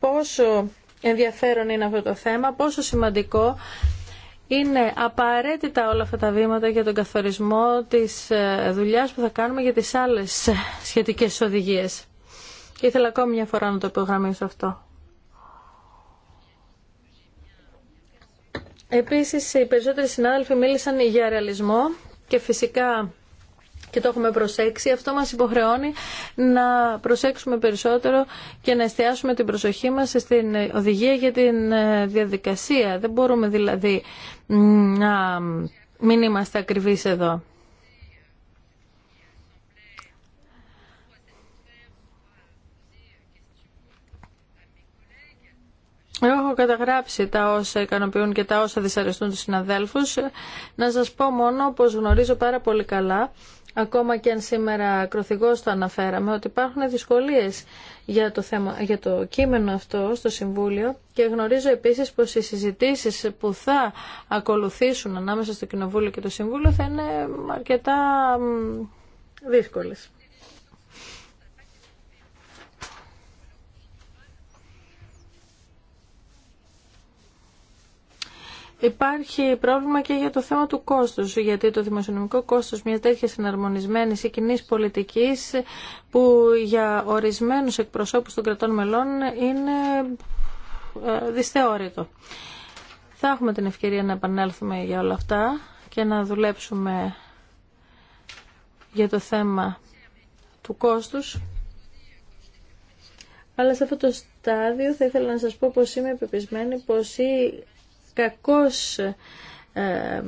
πόσο ενδιαφέρον είναι αυτό το θέμα, πόσο σημαντικό είναι απαραίτητα όλα αυτά τα βήματα για τον καθορισμό της ε, δουλειάς που θα κάνουμε για τις άλλες σχετικές οδηγίες. Και ήθελα ακόμη μια φορά να το υπογραμμίσω αυτό. Επίσης, οι περισσότεροι συνάδελφοι μίλησαν για ρεαλισμό και φυσικά και το έχουμε προσέξει. Αυτό μας υποχρεώνει να προσέξουμε περισσότερο και να εστιάσουμε την προσοχή μας στην οδηγία για την ε, διαδικασία. Δεν μπορούμε δηλαδή να μην είμαστε ακριβείς εδώ. Έχω καταγράψει τα όσα ικανοποιούν και τα όσα δυσαρεστούν τους συναδέλφους. Να σας πω μόνο πως γνωρίζω πάρα πολύ καλά, ακόμα και αν σήμερα ακροθυγώς το αναφέραμε, ότι υπάρχουν δυσκολίες για το, θέμα, για το κείμενο αυτό στο Συμβούλιο και γνωρίζω επίσης πως οι συζητήσεις που θα ακολουθήσουν ανάμεσα στο Κοινοβούλιο και το Συμβούλιο θα είναι αρκετά δύσκολες. Υπάρχει πρόβλημα και για το θέμα του κόστους, γιατί το δημοσιονομικό κόστος μια τέτοια συναρμονισμένη ή κοινή πολιτικής που για ορισμένους εκπροσώπους των κρατών μελών είναι ε, δυσθεώρητο. Θα έχουμε την ευκαιρία να επανέλθουμε για όλα αυτά και να δουλέψουμε για το θέμα του κόστους. Αλλά σε αυτό το στάδιο θα ήθελα να σας πω πως είμαι επιπισμένη πως η κακώς ε,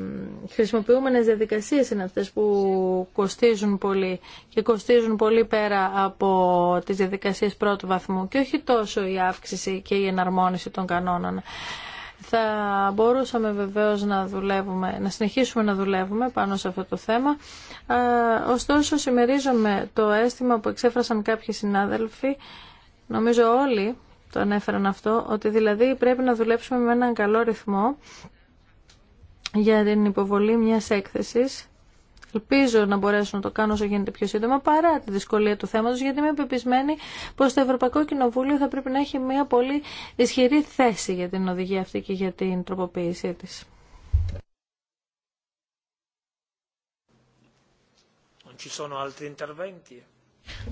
χρησιμοποιούμενες διαδικασίες είναι αυτές που κοστίζουν πολύ και κοστίζουν πολύ πέρα από τις διαδικασίες πρώτου βαθμού και όχι τόσο η αύξηση και η εναρμόνιση των κανόνων. Θα μπορούσαμε βεβαίως να, δουλεύουμε, να συνεχίσουμε να δουλεύουμε πάνω σε αυτό το θέμα. ωστόσο, συμμερίζομαι το αίσθημα που εξέφρασαν κάποιοι συνάδελφοι, νομίζω όλοι, το ανέφεραν αυτό, ότι δηλαδή πρέπει να δουλέψουμε με έναν καλό ρυθμό για την υποβολή μιας έκθεσης. Ελπίζω να μπορέσω να το κάνω όσο γίνεται πιο σύντομα παρά τη δυσκολία του θέματος γιατί είμαι επιπισμένη πως το Ευρωπαϊκό Κοινοβούλιο θα πρέπει να έχει μια πολύ ισχυρή θέση για την οδηγία αυτή και για την τροποποίησή της.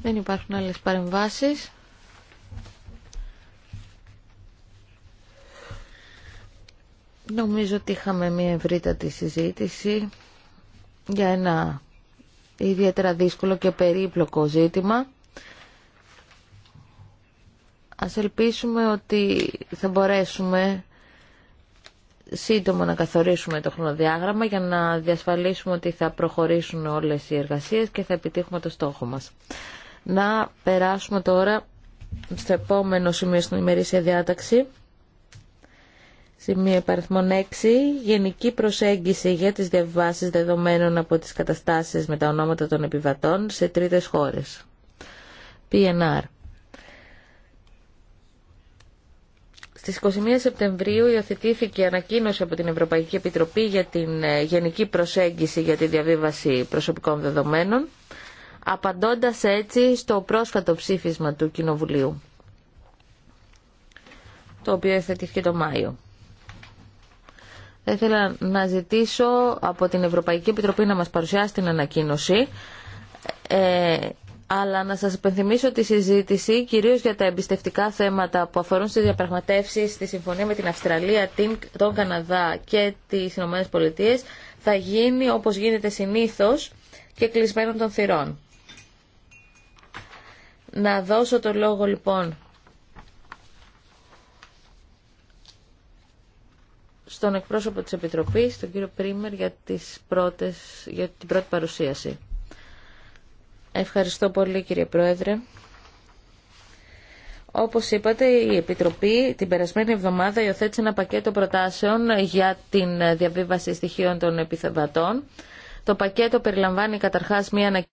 Δεν υπάρχουν άλλες παρεμβάσεις. Νομίζω ότι είχαμε μια ευρύτατη συζήτηση για ένα ιδιαίτερα δύσκολο και περίπλοκο ζήτημα. Ας ελπίσουμε ότι θα μπορέσουμε σύντομα να καθορίσουμε το χρονοδιάγραμμα για να διασφαλίσουμε ότι θα προχωρήσουν όλες οι εργασίες και θα επιτύχουμε το στόχο μας. Να περάσουμε τώρα στο επόμενο σημείο στην ημερήσια διάταξη Σημείο υπαριθμών 6. Γενική προσέγγιση για τις διαβάσεις δεδομένων από τις καταστάσεις με τα ονόματα των επιβατών σε τρίτες χώρες. PNR. Στις 21 Σεπτεμβρίου υιοθετήθηκε ανακοίνωση από την Ευρωπαϊκή Επιτροπή για την ε, Γενική Προσέγγιση για τη Διαβίβαση Προσωπικών Δεδομένων, απαντώντας έτσι στο πρόσφατο ψήφισμα του Κοινοβουλίου, το οποίο υιοθετήθηκε το Μάιο. Θα ήθελα να ζητήσω από την Ευρωπαϊκή Επιτροπή να μας παρουσιάσει την ανακοίνωση ε, αλλά να σας υπενθυμίσω τη συζήτηση κυρίως για τα εμπιστευτικά θέματα που αφορούν στις διαπραγματεύσεις στη συμφωνία με την Αυστραλία, τον Καναδά και τις Ηνωμένες Πολιτείες θα γίνει όπως γίνεται συνήθως και κλεισμένο των θυρών. Να δώσω το λόγο λοιπόν στον εκπρόσωπο της Επιτροπής, τον κύριο Πρίμερ, για, τις πρώτες, για την πρώτη παρουσίαση. Ευχαριστώ πολύ κύριε Πρόεδρε. Όπως είπατε, η Επιτροπή την περασμένη εβδομάδα υιοθέτησε ένα πακέτο προτάσεων για την διαβίβαση στοιχείων των επιθεβατών. Το πακέτο περιλαμβάνει καταρχάς μία